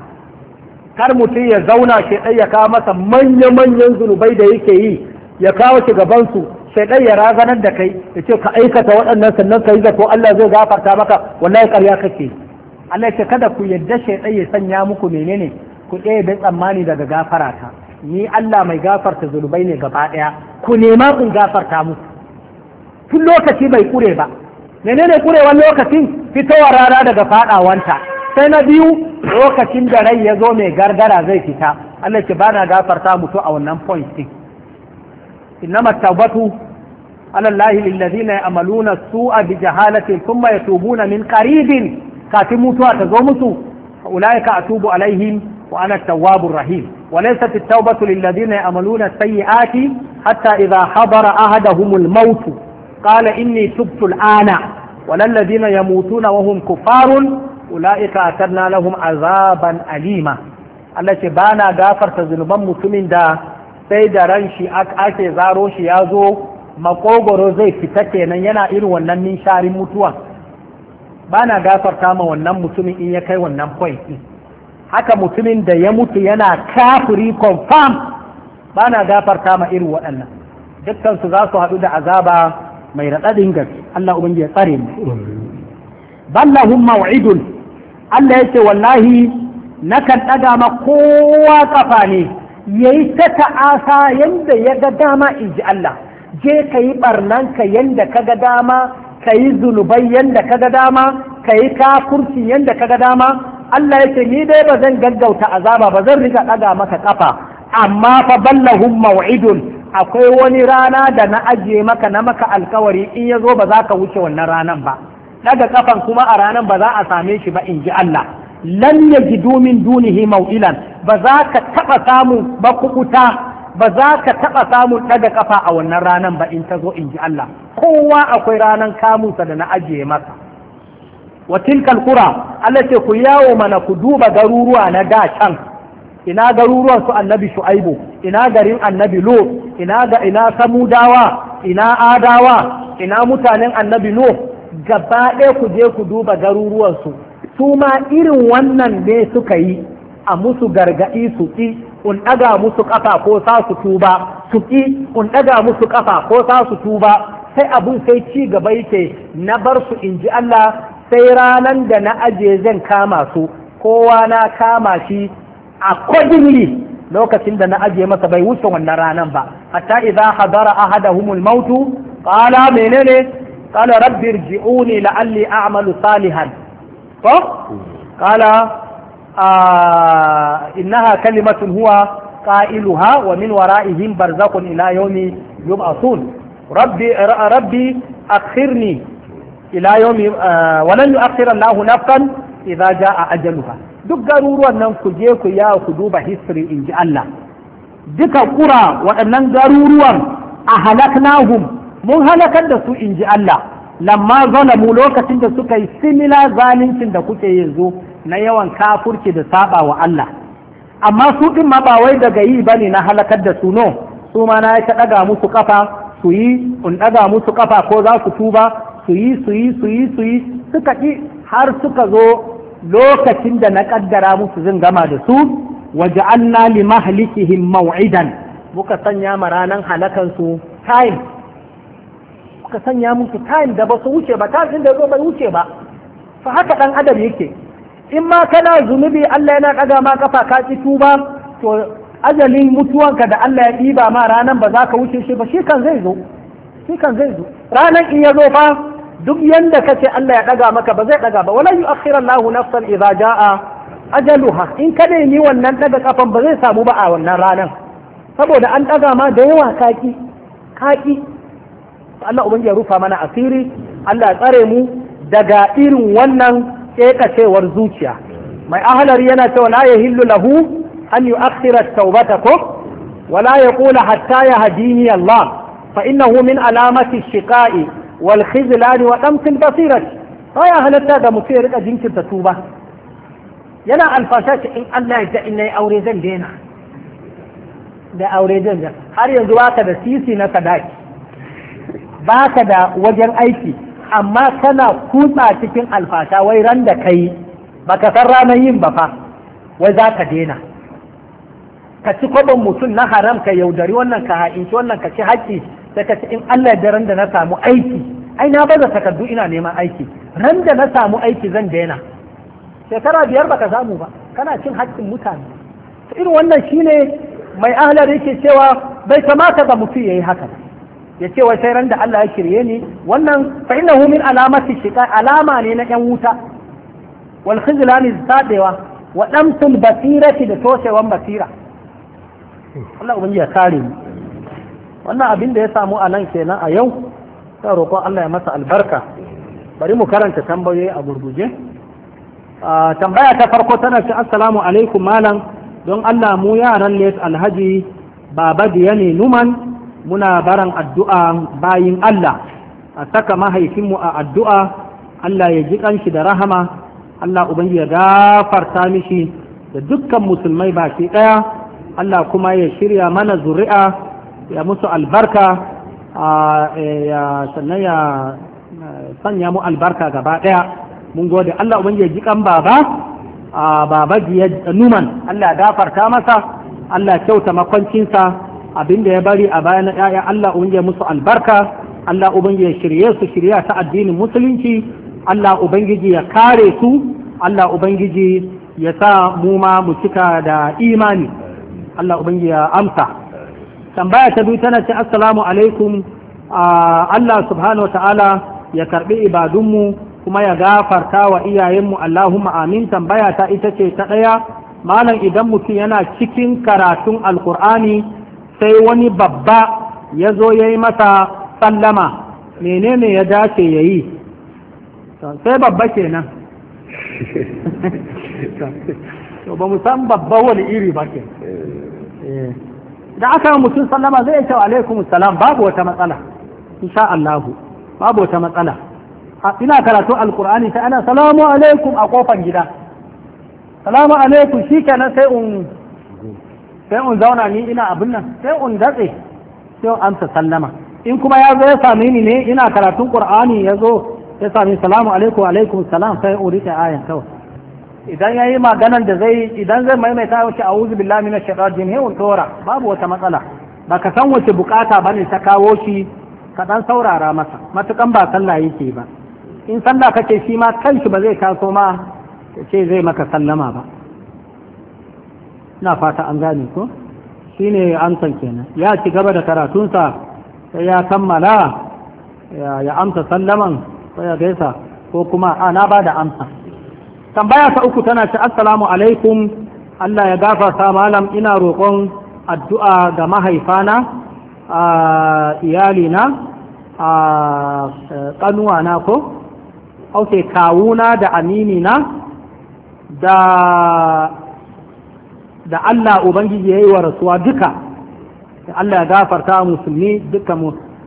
kar mutum ya zauna shaidai ya kawo masa manya-manyan zunubai da yake yi ya kawo shi gabansu shaidai ya razanar da kai ya ce ka aikata waɗannan sannan ka yi zato Allah zai gafarta maka wallahi ƙarya kake Allah ya ce kada ku yadda shaidai ya sanya muku menene ku ɗaya tsammani daga gafarata ni Allah mai gafarta zunubai ne gaba ɗaya ku nema in gafarta musu tun lokaci bai kure ba menene kurewan lokacin wa rana daga faɗawanta sai na biyu lokacin da rai ya zo mai gargara zai fita Allah ce bana gafarta mutu a wannan point din innama tawbatu ala Allah amaluna ya'maluna su'a bi jahalatin thumma yatubuna min qaribin kafin mutuwa ta zo musu ulaika atubu alaihim وأنا التواب الرحيم وليست التوبة للذين يعملون السيئات حتى إذا حضر أحدهم الموت قال إني تبت الآن ولا الذين يموتون وهم كفار أولئك أترنا لهم عذابا أليما التي بانا غافر تزنبا متمن دا سيدا رنشي أك أكي زاروشي يازو makogoro zai fita kenan yana irin wannan ninsharin mutuwa ba na gafarta ma wannan mutumin in ya kai wannan point din haka mutumin da ya mutu yana kafiri confirm ba na gafarta ma irin waɗannan Dukkansu za su haɗu da azaba mai raɗaɗin gaske Allah ubangiji ya tsare mu ballahum maw'idun Allah yake wallahi nakan ɗaga ma kowa kafa ne yayi ta ta'asa yanda ya ga dama inji Allah je ka yi ka yanda ka ga dama ka yi zunubai yanda ka ga dama ka yi kafurci yanda ka ga dama Allah yake ni dai ba zan gaggauta azaba ba zan rika ɗaga maka kafa amma fa ballahum maw'idun akwai wani rana da na ajiye maka na maka alkawari in ya zo ba za ka wuce wannan ranan ba daga kafan kuma a ranan ba za a same shi ba in ji Allah lan yajidu min dunihi maw'ilan ba za ka taba samu ba kukuta ba za ka taɓa samun ɗaga ƙafa a wannan ranan ba in ta zo in ji Allah kowa akwai ranan kamunsa da na ajiye maka. wa tilkal qura Allah ce ku yawo mana ku duba garuruwa na da can ina garuruwan su annabi shu'aibu ina garin annabi lu ina ga ina samudawa ina adawa ina mutanen annabi nuh gaba ɗaya ku je ku duba garuruwan su su ma irin wannan ne suka yi a musu gargaɗi su ƙi un ɗaga musu ƙafa ko sa su tuba su ƙi un ɗaga musu ƙafa ko sa su tuba sai abun sai ci gaba yake na bar su in ji Allah sai ranan da na aje zan kama su kowa na kama shi a accordingly lokacin da na aje masa bai wuce wannan ranan ba hatta idza hadara humul mautu qala menene qala rabbi irji'uni la'alli a'malu salihan to qala ah, innaha kalimatun huwa qailuha wa min wara'ihim barzakhun ila yawmi yub'athun rabbi rabbi akhirni ila yawmi ah, walan yu'akhkhira Allahu nafsan idza jaa ajaluha duk garuruwan nan ku je ku ya ku duba history in ji Allah duka kura waɗannan garuruwan a halaknahum mun halakar da su in ji Allah lamma zalamu lokacin da suka yi simila zalincin da kuke yanzu na yawan kafurki da saba wa Allah amma su din ma ba wai daga yi bane na halakar da su no su ma na ta daga musu kafa su yi in daga musu kafa ko za su tuba su yi su yi su yi su yi suka ki har suka zo lokacin da na ƙaddara musu zan gama da su waje anna li mahlikihim maw'idan muka sanya ma halakan su time muka sanya musu time da ba su wuce ba ta da zo bai wuce ba fa haka ɗan adam yake in ma kana zunubi Allah yana ɗaga ma kafa ka ci tuba to ajalin mutuwanka da Allah ya ɗiba ma ranan ba za ka wuce shi ba shi kan zai zo shi kan zai zo ranan in ya zo fa duk yanda kace Allah ya daga maka ba zai daga ba wala yu'akhiru Allahu nafsan idza jaa ajaluha in ka ni wannan daga kafan ba zai samu ba a wannan ranar saboda an daga ma da yawa kaki kaki Allah ubangiji ya rufa mana asiri Allah ya tsare mu daga irin wannan kekacewar zuciya mai ahalar yana cewa la yahillu lahu an yu'akhkhira tawbata ko wala yaqula hatta yahdini Allah fa innahu min alamati shiqa'i wal khizlani wa damtil basirati baya halatta ga mutum ya rika jinkirta tuba yana alfasha ce in Allah ya aure zan daina da aure zan daina har yanzu baka da sisi na sadaki baka da wajen aiki amma kana kutsa cikin alfasha wai ran da kai baka san ranar yin ba fa wai za ka daina ka ci kwaban mutum na haram ka yaudari wannan ka ha'inci wannan ka ci haƙƙi sai ka ce in Allah ya ran da na samu aiki ai na baza takardu ina neman aiki ran da na samu aiki zan daina shekara biyar baka samu ba kana cin haƙƙin mutane irin wannan shine mai ahlar yake cewa bai kamata ga mutum yayi haka ya ce wai sai ran da Allah ya shirye ni wannan fa innahu min alamati shiqa alama ne na yan wuta wal khizlan zadewa wa damtul basirati da toshewan basira Allah ubangiji ya kare mu wannan abin da ya samu a nan kenan a yau ta roƙon Allah ya masa albarka bari mu karanta tambayoyi a gurguje tambaya ta farko tana ce assalamu alaikum malam don Allah mu yaran ne alhaji baba ne numan muna baran addu'a bayin Allah a saka mahaifinmu a addu'a Allah ya ji kanshi da rahama Allah ubangi ya gafarta mishi da dukkan musulmai baki ɗaya Allah kuma ya shirya mana zuri'a ya musu albarka e, ya sannan ya e, sanya mu albarka gaba daya mun gode Allah ubangiji ji kan baba baba ya numan Allah gafarta masa Allah kyauta makwancinsa abinda ya bari a bayan ya'ya Allah ya musu albarka Allah ya shirye su shirya ta addinin musulunci Allah ubangiji ya kare su Allah ubangiji ya sa mu ma mu cika da imani Allah ubangiji ya amsa tambaya ta biyu tana ce assalamu alaikum Allah subhanahu wa ta'ala ya karbi ibadunmu kuma ya gafarta wa iyayenmu Allahumma amin tambaya ta ita ce ta ɗaya malam idan mutum yana cikin karatun alkur'ani sai wani babba ya zo ya yi masa sallama menene ya dace ya yi sai babba kenan ba mu san babba wani iri ba ke eh. Eh. da aka mutum sallama zai kyau alaikum salam babu wata matsala insha Allah babu wata matsala ina karatu alqur'ani sai ana salamu alaikum a kofar gida salamu alaikum shikenan sai un sai un zauna ni ina abin nan sai un datse sai un amsa sallama in kuma ya zo ya same ni ne ina karatun qur'ani ya zo ya same salamu alaikum alaikum salam sai un rike ayan kawai idan yayi maganan da zai idan zai maimaita wace a'udhu billahi minash shaitanir rajim he tora babu wata matsala baka san wace bukata bane ta kawo shi ka dan saurara masa matukan ba sallah yake ba in sallah kake shi ma kanshi ba zai taso ma ce zai maka sallama ba ina fata an gane ko shine san kenan ya ci gaba da karatunsa sai ya kammala ya amsa sallaman sai ya gaisa ko kuma a na ba da amsa tambaya ta uku tana ce assalamu alaikum Allah ya gafarta malam ina roƙon addu'a ga mahaifana a iyalina a ƙanuwana ko ok kawuna da aminina da da Allah Ubangiji yayi yi wa rasuwa duka Allah ya gafarta musulmi duka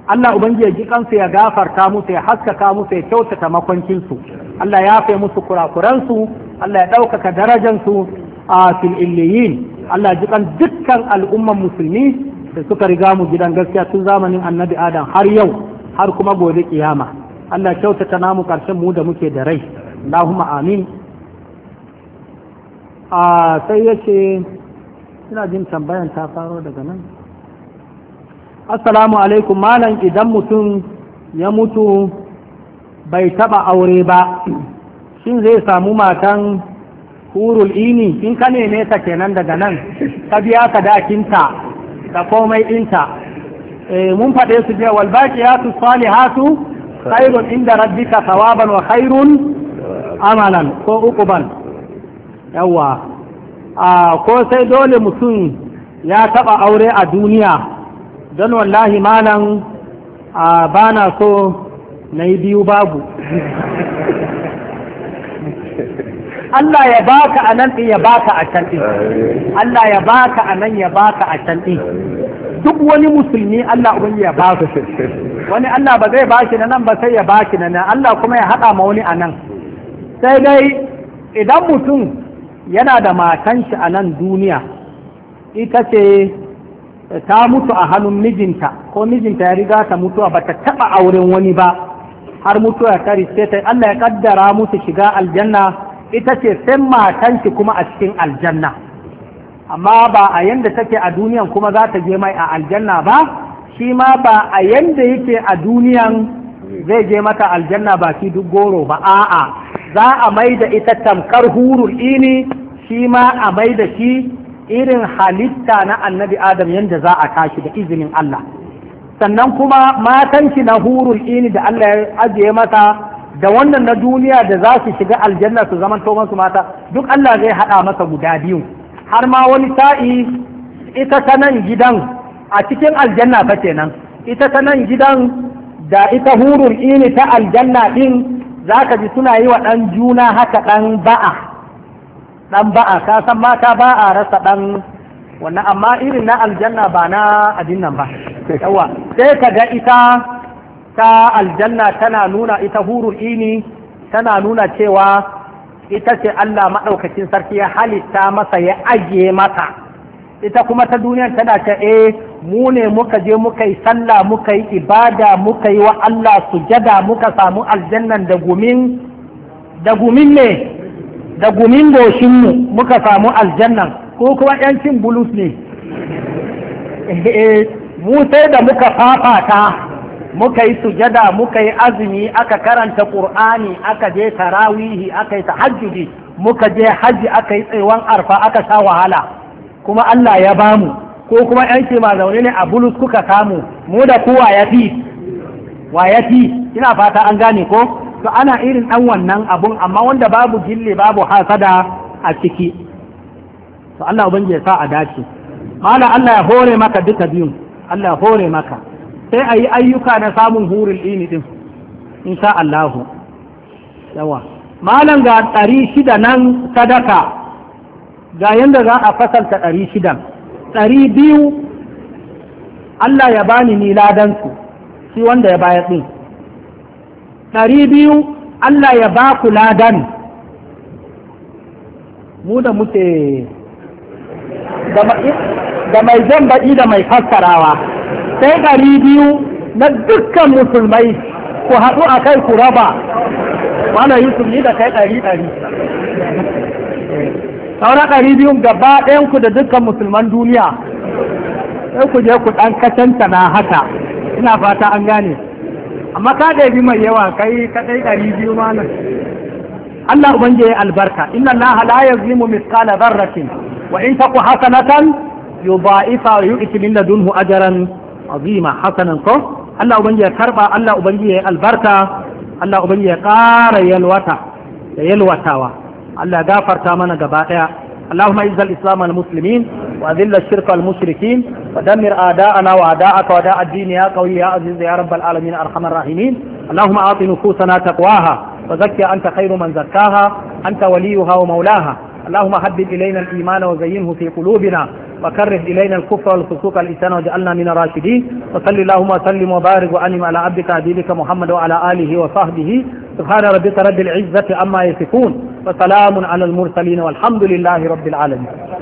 Allah ubangiji ya ji kansu ya gafarta musu ya haskaka musu ya kyautata makwancinsu Allah ya fe musu kurakuransu Allah ya ɗaukaka darajansu a fil illiyin Allah ji kan dukkan al'umman musulmi da suka riga mu gidan gaskiya tun zamanin annabi adam har yau har kuma gobe kiyama Allah kyautata namu karshen mu da muke da rai Allahumma amin a sai yace ina jin tambayan ta faro daga nan assalamu alaikum malam idan mutum ya mutu bai taba aure ba shin zai samu matan hurul ini in ka neme ta kenan daga nan ka biya ka dakinta da komai inta. Eh, mun faɗe su je wal ya su baqiyatu hasu khairun inda rabbika tsawaban wa khairun amalan ko ukuban yawa a ah, ko sai dole mutum ya taba aure a duniya don wallahi malam a bana so na yi biyu babu Allah ya baka a nan ɗin ya baka a can ɗin Allah ya baka a nan ya baka a can ɗin duk wani musulmi Allah ubangi ya baka wani Allah ba zai baki na nan ba sai ya baki na nan Allah kuma ya haɗa ma wani a nan sai dai idan mutum yana da matan shi a nan duniya ita ce ta mutu a hannun mijinta ko mijinta ya riga ta mutuwa ba ta taɓa auren wani ba har mutuwa ta sai ta Allah ya kaddara musu shiga aljanna ita ce sai matan ki kuma a cikin aljanna amma ba a yanda take a duniyan kuma za ta je mai a aljanna ba shi ma ba a yanda yake a duniyan zai je mata aljanna ba shi duk goro ba a'a za a mai da ita tamkar hurul ini shi ma a mai da shi irin halitta na annabi adam yadda za a tashi da izinin Allah sannan kuma matan shi na hurul ini da Allah ya ajiye masa, da wannan na duniya da za su shiga aljanna su zaman to masu mata duk Allah zai haɗa masa guda biyu har ma wani sa'i ita ta nan gidan a cikin aljanna fa kenan ita ta nan gidan da ita hurul ini ta aljanna din zaka ji suna yi wa ɗan juna haka ɗan ba'a dan ba'a ka san mata ba a rasa dan wannan amma irin na aljanna ba na abin nan ba yawa sai ka ga ita ta aljanna tana nuna ita hurul ini tana nuna cewa ita ce Allah maɗaukacin sarki ya halitta masa ya ajiye mata ita kuma ta duniya tana ta eh mu ne muka je muka yi sallah muka yi ibada muka yi wa Allah sujada muka samu aljannan da gumin da gumin ne da gumin goshinmu muka samu aljannan ko kuma yancin bulus ne eh, mu sai da muka fafata muka yi sujada muka yi azumi aka karanta ƙur'ani aka je tarawihi aka yi tahajjudi muka je hajji aka yi tsaiwan arfa aka sha wahala kuma Allah ya bamu ko kuma yanci ma zaune ne a bulus kuka samu mu da kuwa ya fi wa ya fi ina fata an gane ko to ana irin ɗan wannan abun amma wanda babu gille babu hasada a ciki to Allah ubangiji ya sa a dace mala Allah ya hore maka duka biyun Allah ya hore maka sai a yi ayyuka na samun hurin ilmi din insha Allahu yawa malam ga ɗari shida nan sadaka ga yadda za a fasalta ɗari shidan ɗari biyu Allah ya bani ni ladansu shi wanda ya bayar ɗin ɗari biyu Allah ya ba ku ladan mu da muke da mai zan baɗi da mai fassarawa sai ɗari biyu na dukkan musulmai ku haɗu a kai ku raba wanda yusuf ni da kai ɗari ɗari sauran ɗari biyun gaba ɗayanku da dukkan musulman duniya sai ku je ku ɗan kacanta na haka ina fata an gane amma ka da bi mai yawa kai kadai ɗari biyu ma nan Allah ubanje ya albarka inna Allah la yazlimu mithqala dharratin wa in taku hasanatan yudha'ifa wa yu'ti min ladunhu ajran azima hasanan ko Allah ubanje ya karba Allah ubanje ya albarka Allah ubanje ya ƙara yalwata da yalwatawa Allah gafarta mana gaba daya اللهم اعز الاسلام والمسلمين وأذل الشرك المشركين ودمر آداءنا وآداءك وآداء الدين يا قوي يا عزيز يا رب العالمين أرحم الراحمين اللهم أعط نفوسنا تقواها وزكي أنت خير من زكاها أنت وليها ومولاها اللهم حبب إلينا الإيمان وزينه في قلوبنا وكره إلينا الكفر والفسوق الانسان واجعلنا من الراشدين وصل اللهم وسلم وبارك وأنم على عبدك عبيدك محمد وعلى آله وصحبه سبحان ربك رب العزة عما يصفون وسلام على المرسلين والحمد لله رب العالمين